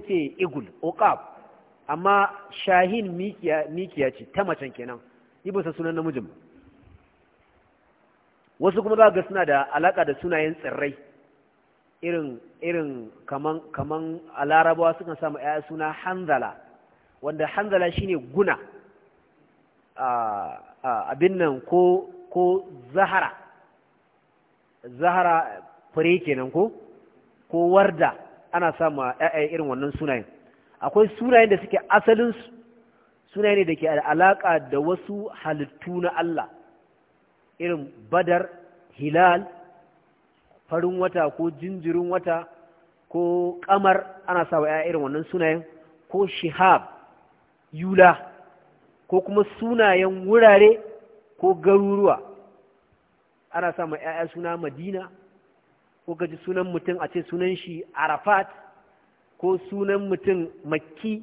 ce igul okab amma shahin mikiya ce ta macen kenan ni ba sunan namijin ba wasu kuma za ga suna da alaka da sunayen tsirrai irin irin kaman kaman a larabawa sukan samu ‘ya'ya suna hanzala wanda hanzala shine guna abin nan ko ko zahara zahara fure kenan ko ko warda ana samu ‘ya'ya irin wannan sunayen akwai sunayen da suke asalinsu sunaye ne da ke alaƙa da wasu halittu na Allah irin badar hilal farin wata ko jinjirin wata ko kamar ana sa wa ‘ya'ya irin wannan sunayen ko shihab yula ko kuma sunayen wurare ko garuruwa ana sa ma ‘ya'ya suna madina ko gaji sunan mutum a ce sunan shi arafat ko sunan mutum makki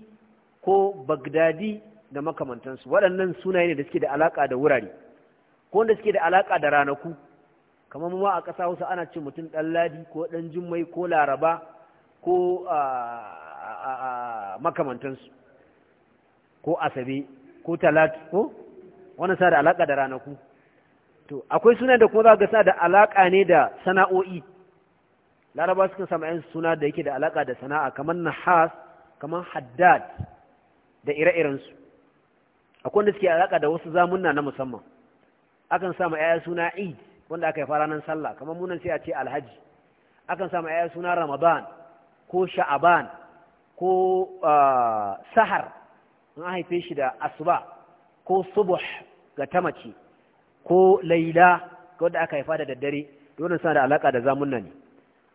ko bagdadi da makamantansu waɗannan sunaye ne da suke da alaƙa da wurare ko wanda suke da alaƙa da ranaku kamar mu a ƙasa Hausa ana ce mutum ɗan ladi ko ɗan jummai ko laraba ko makamantansu ko asabe ko talatu ko wani sa da alaƙa da ranaku to akwai suna da kuma za ga sa da alaƙa ne da sana'o'i laraba suka samu yan suna da yake da alaƙa da sana'a kamar nahas kamar haddad da ire-irensu akwai wanda suke alaƙa da wasu zamunna na musamman akan samu 'ya'ya suna eid wanda aka yi ranar sallah kamar munan sai a ce alhaji akan samu ya suna ramadan ko sha'aban ko ah, sahar an haife shi da asuba ko subuh ga tamaci ko laila ga wanda aka haifa da daddare dole suna da alaka da zamunna ne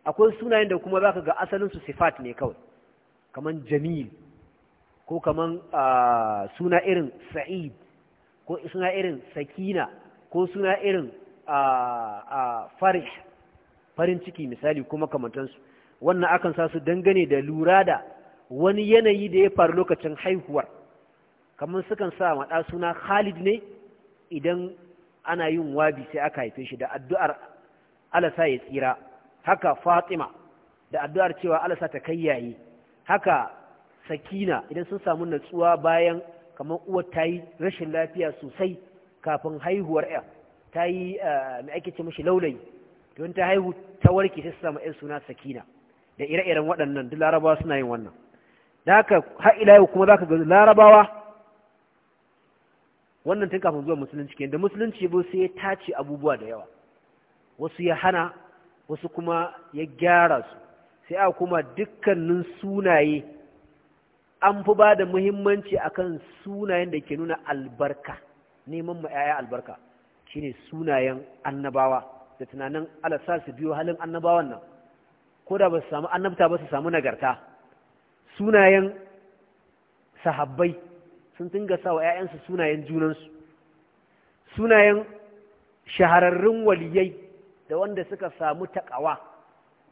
akwai sunayen da kuma zaka ga asalin su sifat ne kawai kaman jamil ko kamar ah, suna irin sa'id ko suna irin sakina ko suna irin a farih farin ciki misali kuma kamantansu wannan akan sa su dangane da lura da wani yanayi da ya faru lokacin haihuwar kamar sukan sa maɗa suna khalid ne idan ana yin wabi sai aka haife shi da addu'ar alasa ya tsira haka fatima da addu'ar cewa alasa ta kayyaye haka sakina idan sun samu natsuwa bayan kamar uwar ta yi rashin lafiya sosai kafin haihuwar 'ya ta yi eh, mai ake ce mashi laulayi don ta haihu ta warke sai su samu suna sakina da ire-iren waɗannan duk larabawa suna yin wannan da haka har yau kuma zaka gani larabawa wannan tun kafin zuwa musulunci kenan da musulunci bo sai ya tace abubuwa da yawa wasu ya hana wasu kuma ya gyara su sai a kuma dukkanin sunaye an fi ba da muhimmanci akan sunayen da ke nuna albarka neman ma 'ya'ya albarka shine sunayen annabawa da tunanin alasar su biyo halin annabawan nan ko da ba su samu annabta ba su samu nagarta sunayen sahabbai sun dinga sawa wa 'ya'yansu sunayen junansu sunayen shahararrun waliyai da wanda suka samu taƙawa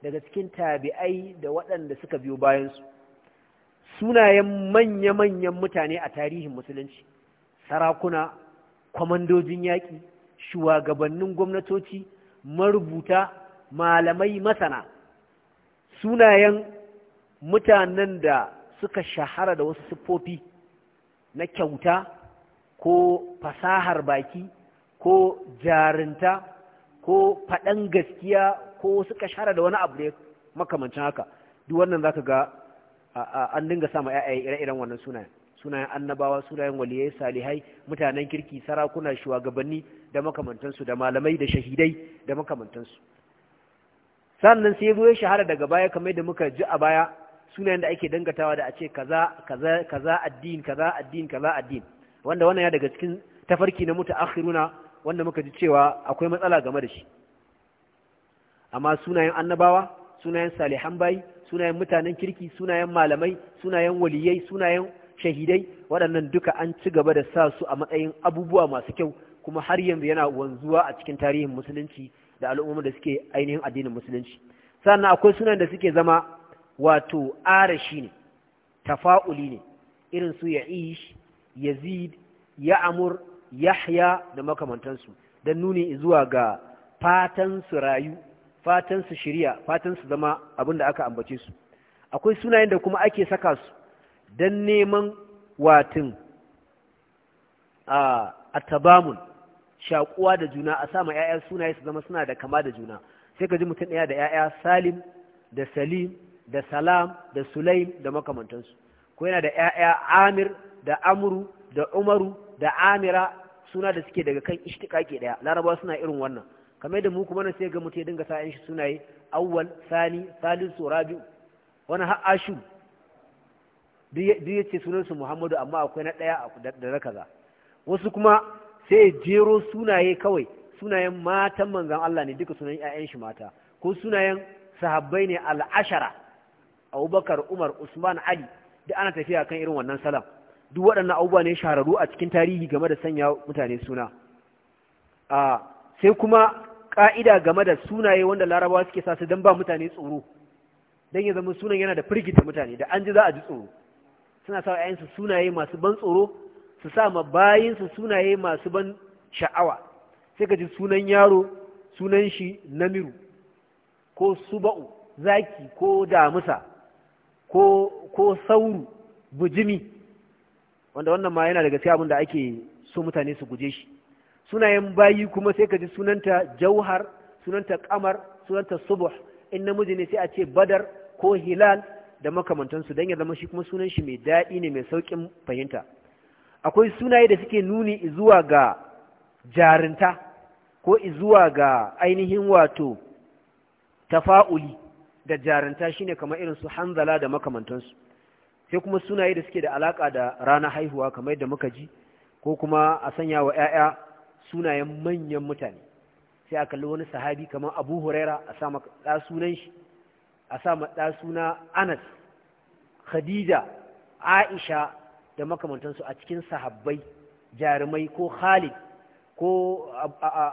daga cikin tabi'ai da waɗanda suka biyo bayansu sunayen manya-manyan mutane a tarihin musulunci sarakuna kwamandojin yaƙi shugabannin gwamnatoci marubuta malamai masana sunayen mutanen da suka shahara da wasu siffofi na kyauta ko fasahar baki ko jarinta ko faɗan gaskiya ko suka shahara da wani abu ne makamancin haka duk wannan za ka ga an dinga sama 'ya'ya ire-iren wannan sunayen sunayen annabawa sunayen waliyai salihai mutanen kirki sarakuna shugabanni da makamantansu da malamai da shahidai da makamantansu sannan sai zo ya shahara daga baya kamar da muka ji a baya sunayen da ake dangatawa da a ce kaza kaza kaza addini kaza addini kaza addini wanda wannan ya daga cikin tafarki na mutaakhiruna wanda muka ji cewa akwai matsala game da shi amma sunayen annabawa sunayen salihan bayi sunayen mutanen kirki sunayen malamai sunayen waliyai sunayen shahidai waɗannan duka an ci gaba da sa su a matsayin abubuwa masu kyau kuma har yanzu yana wanzuwa a cikin tarihin musulunci da al'ummar da suke ainihin addinin musulunci sannan akwai sunan da suke zama wato arashi ne tafa'uli ne irin su ya'ish yazid ya'amur yahya da makamantansu don nuni zuwa ga fatan su rayu fatan su shirya fatan su zama abin da aka ambace su akwai sunayen da kuma ake saka su don neman watin a tabamun shakuwa da juna a sama ‘ya'ya sunaye su zama suna da kama da juna sai ka ji mutum ɗaya da ‘ya'ya salim da salim da salam da sulaim da makamantansu ko yana da ‘ya'ya amir da amuru da umaru da amira suna da suke daga kan ke ɗaya larabawa suna irin wannan kamar da mu kuma na sai ga mutum ya dinga sa'in shi sunaye awwal sani salisu rabi'u wani har ashu duk ya ce sunansu muhammadu amma akwai na ɗaya da na kaza wasu kuma sai jero sunaye kawai sunayen matan manzan Allah ne duka sunan 'ya'yan shi mata ko sunayen sahabbai ne al'ashara abubakar umar usman ali duk ana tafiya kan irin wannan salam duk waɗannan abubuwa ne shahararru a cikin tarihi game da sanya mutane suna sai kuma ka'ida game da sunaye wanda larabawa suke sa su don ba mutane tsoro don ya zama sunan yana da firgita mutane da an ji za a ji tsoro suna sa ‘ya'yansu sunaye masu ban tsoro su sa ma bayinsu sunaye masu ban sha'awa sai ka ji sunan yaro sunan shi namiru ko suba'u zaki ko damusa ko, sauru bujimi wanda wannan ma yana daga sai abin da ake so mutane su guje shi sunayen bayi kuma sai ka ji sunanta jauhar sunanta kamar sunanta subuh in namiji ne sai a ce badar ko hilal da makamantansu don ya zama shi kuma sunan shi mai daɗi ne mai sauƙin fahimta akwai sunaye da suke nuni zuwa ga jarinta ko zuwa ga ainihin wato tafa'uli da jarinta shine kamar irin su hanzala da makamantansu sai kuma sunaye da suke da alaka da ranar haihuwa kamar yadda muka ji ko kuma a sanya wa 'ya'ya sunayen manyan mutane sai a kalli wani sahabi kamar abu huraira a sa sunan shi a sa maɗa suna anas khadija aisha da makamantansu a cikin sahabbai jarumai ko khalid ko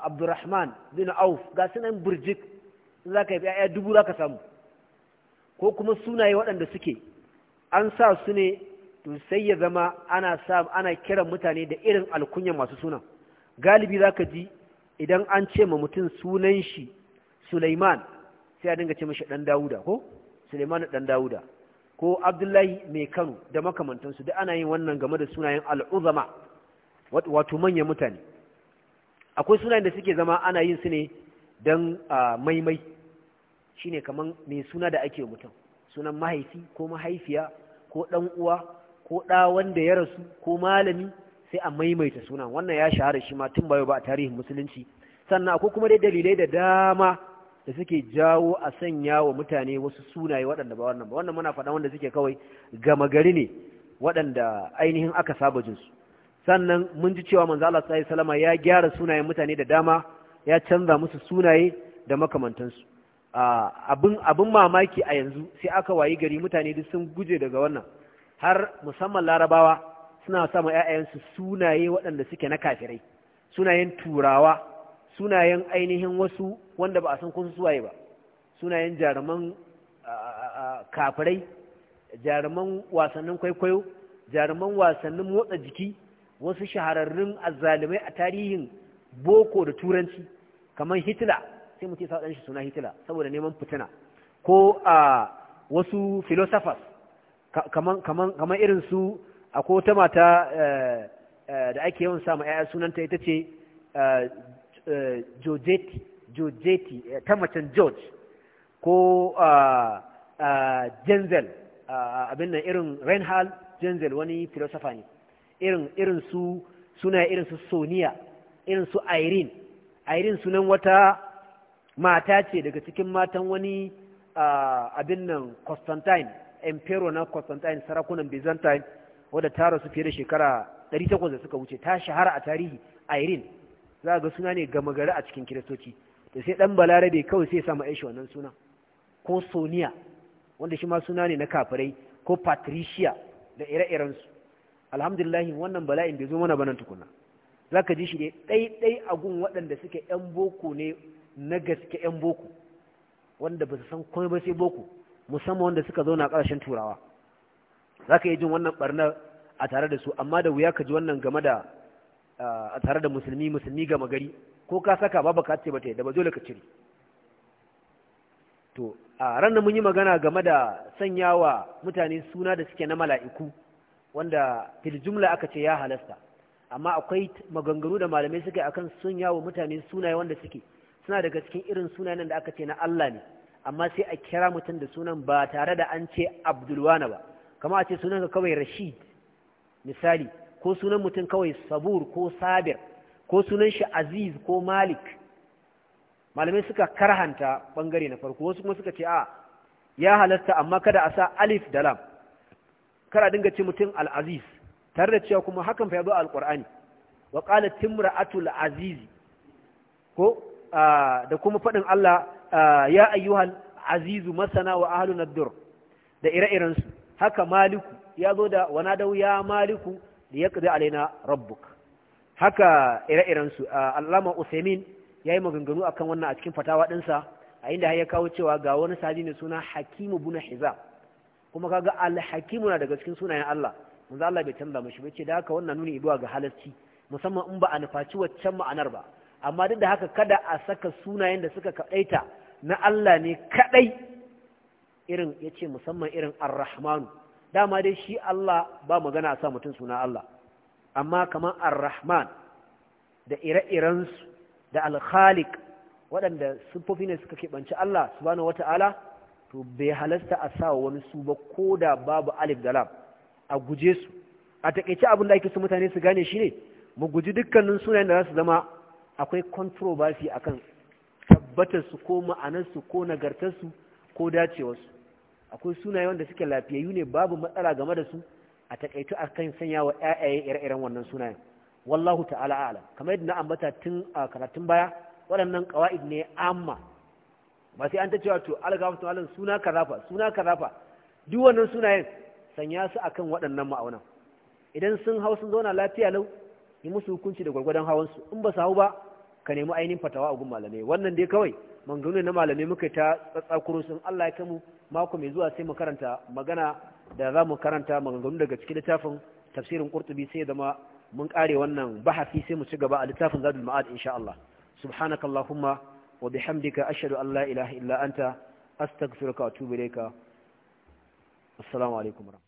abdurrahman bin auf ga sunan burjik za ka yi ya dubu za ka samu ko kuma sunaye waɗanda suke an sa su ne to sai ya zama ana sa ana kiran mutane da irin alkunya masu suna galibi za ka ji idan an ce ma mutum sunan shi Sulaiman sai a dinga ce mashi dan Dawuda ko Suleiman dan Dawuda ko Abdullahi mai Kano da makamantansu da ana yin wannan game da sunayen al'uzama wato manyan mutane akwai sunayen da suke zama ana yin su ne don maimai Shi ne kaman mai suna da ake mutum sunan mahaifi ko mahaifiya ko dan uwa ko da wanda ya rasu ko malami sai a maimaita suna wannan ya shahara shi ma tun bayo ba a tarihin musulunci sannan akwai kuma dai dalilai da dama da suke jawo a sanya wa mutane wasu sunaye waɗanda ba wannan ba wannan muna faɗa wanda suke kawai gama gari ne waɗanda ainihin aka saba jinsu sannan mun ji cewa manzo Allah sallallahu alaihi ya gyara sunayen mutane da dama ya canza musu sunaye da makamantansu abin abin mamaki a yanzu sai aka wayi gari mutane duk sun guje daga wannan har musamman larabawa suna sama ƴaƴansu sunaye waɗanda suke na kafirai sunayen turawa sunayen ainihin wasu wanda ba a san kun suwaye ba sunayen jaruman kafirai jaruman wasannin kwaikwayo jaruman wasannin motsa jiki wasu shahararrun azzalumai a tarihin boko da turanci kamar hitler sai mutu sa shi suna hitler saboda neman fitina ko a wasu philosophers kamar irin su ko ta mata eh, eh, da ake yawan sama 'ya'ya sunanta ita ce eh, Eh, jojeti Jojeti, eh, ta macen George ko Jenzel, ah, ah, ah, abin nan irin Reinhard Jenzel wani filosofa ne irin su suna irin su Sonia irin su Irene Irene sunan wata mata ce daga cikin matan wani abin nan Constantine emperor na Constantine sarakunan Byzantine wadda ta su fiye da shekara 800 da suka wuce ta shahara a tarihi Irene za ga suna ne gama gari a cikin kiristoci da sai dan balarabe kawai sai samu aishi wannan suna ko soniya wanda shi ma suna ne na kafirai ko patricia da ire-irensu alhamdulillahi wannan bala'in bai zo mana banan tukuna za ka ji shi ne ɗaiɗai a gun waɗanda suke 'yan boko ne na gaske 'yan boko wanda ba su san komai ba sai boko musamman wanda suka zauna a ƙarshen turawa za ka yi jin wannan ɓarnar a tare da su amma da wuya ka ji wannan game da a tare da musulmi musulmi gama gari ko ka saka babu ka ce bata yadda ba dole ka cire to a ranar mun yi magana game da sanyawa mutane suna da suke na mala'iku wanda fil jumla aka ce ya halasta amma akwai maganganu da malamai suke akan sun mutane sunaye wanda suke suna daga cikin irin sunayen da aka ce na Allah ne amma sai a kira mutum da sunan ba tare da an ce Abdulwana ba kamar a ce sunan ka kawai Rashid misali ko sunan mutum kawai sabur ko sabir ko sunan shi aziz ko malik malamai suka karhanta bangare na farko wasu kuma suka ce a ya halatta amma kada a sa alif da lam kada dinga ce mutum al-aziz tare da cewa kuma hakan fa yazo al-qur'ani wa qalat timra'atul aziz ko da kuma fadin Allah ya ayyuhal azizu masana wa ahlun ad-dur da ire-iren su haka maliku ya zo da wanadau ya maliku da ya alaina rabbuk haka ire su allama usaimin ya yi maganganu akan wannan a cikin fatawa dinsa a inda ya kawo cewa ga wani sahabi ne suna hakimu buna hiza kuma kaga alhakimu na daga cikin sunayen allah manzo allah bai canza mashi ba da haka wannan nuni idowa ga halarci musamman in ba a nufaci waccan ma'anar ba amma duk da haka kada a saka sunayen da suka kadaita na allah ne kadai irin yace musamman irin arrahmanu dama dai shi Allah ba magana sa mutum suna Allah amma kamar ar-rahman da ire-irensu da al-khaliq waɗanda siffofi ne suka keɓanci Allah subhanahu wata'ala to bai halasta a sa wani su ba ko da babu alif da lam a guje su a takaice abin da ake so mutane su gane shine mu guji dukkanin sunayen da za su zama akwai controversy akan tabbatar su ko ma'anar su ko nagartar su ko dacewar su akwai sunaye wanda suke lafiyayyu ne babu matsala game da su a takaitu a kan sanya wa ƴaƴaye ire-iren wannan sunayen wallahu ta'ala a'lam kamar yadda na ambata tun a karatun baya waɗannan qawaid ne amma ba sai an ta cewa to algafatu malam suna kazafa suna kazafa duk wannan sunayen sanya su akan waɗannan ma'aunan idan sun hau sun zauna lafiya lau yi musu hukunci da gwargwadon hawansu in ba su hau ba ka nemi ainihin fatawa a gun malamai wannan dai kawai manganin na malamai muka ta tsatsakuro sun Allah ya kamu mako mai zuwa sai mu karanta magana da za mu karanta maganganu daga cikin littafin tafsirin qurtubi sai zama mun kare wannan bahafi sai mu ci gaba a littafin zadul ma'ad insha Allah subhanakallahumma wa bihamdika ashhadu an la ilaha illa anta astaghfiruka wa atubu ilayka assalamu alaikum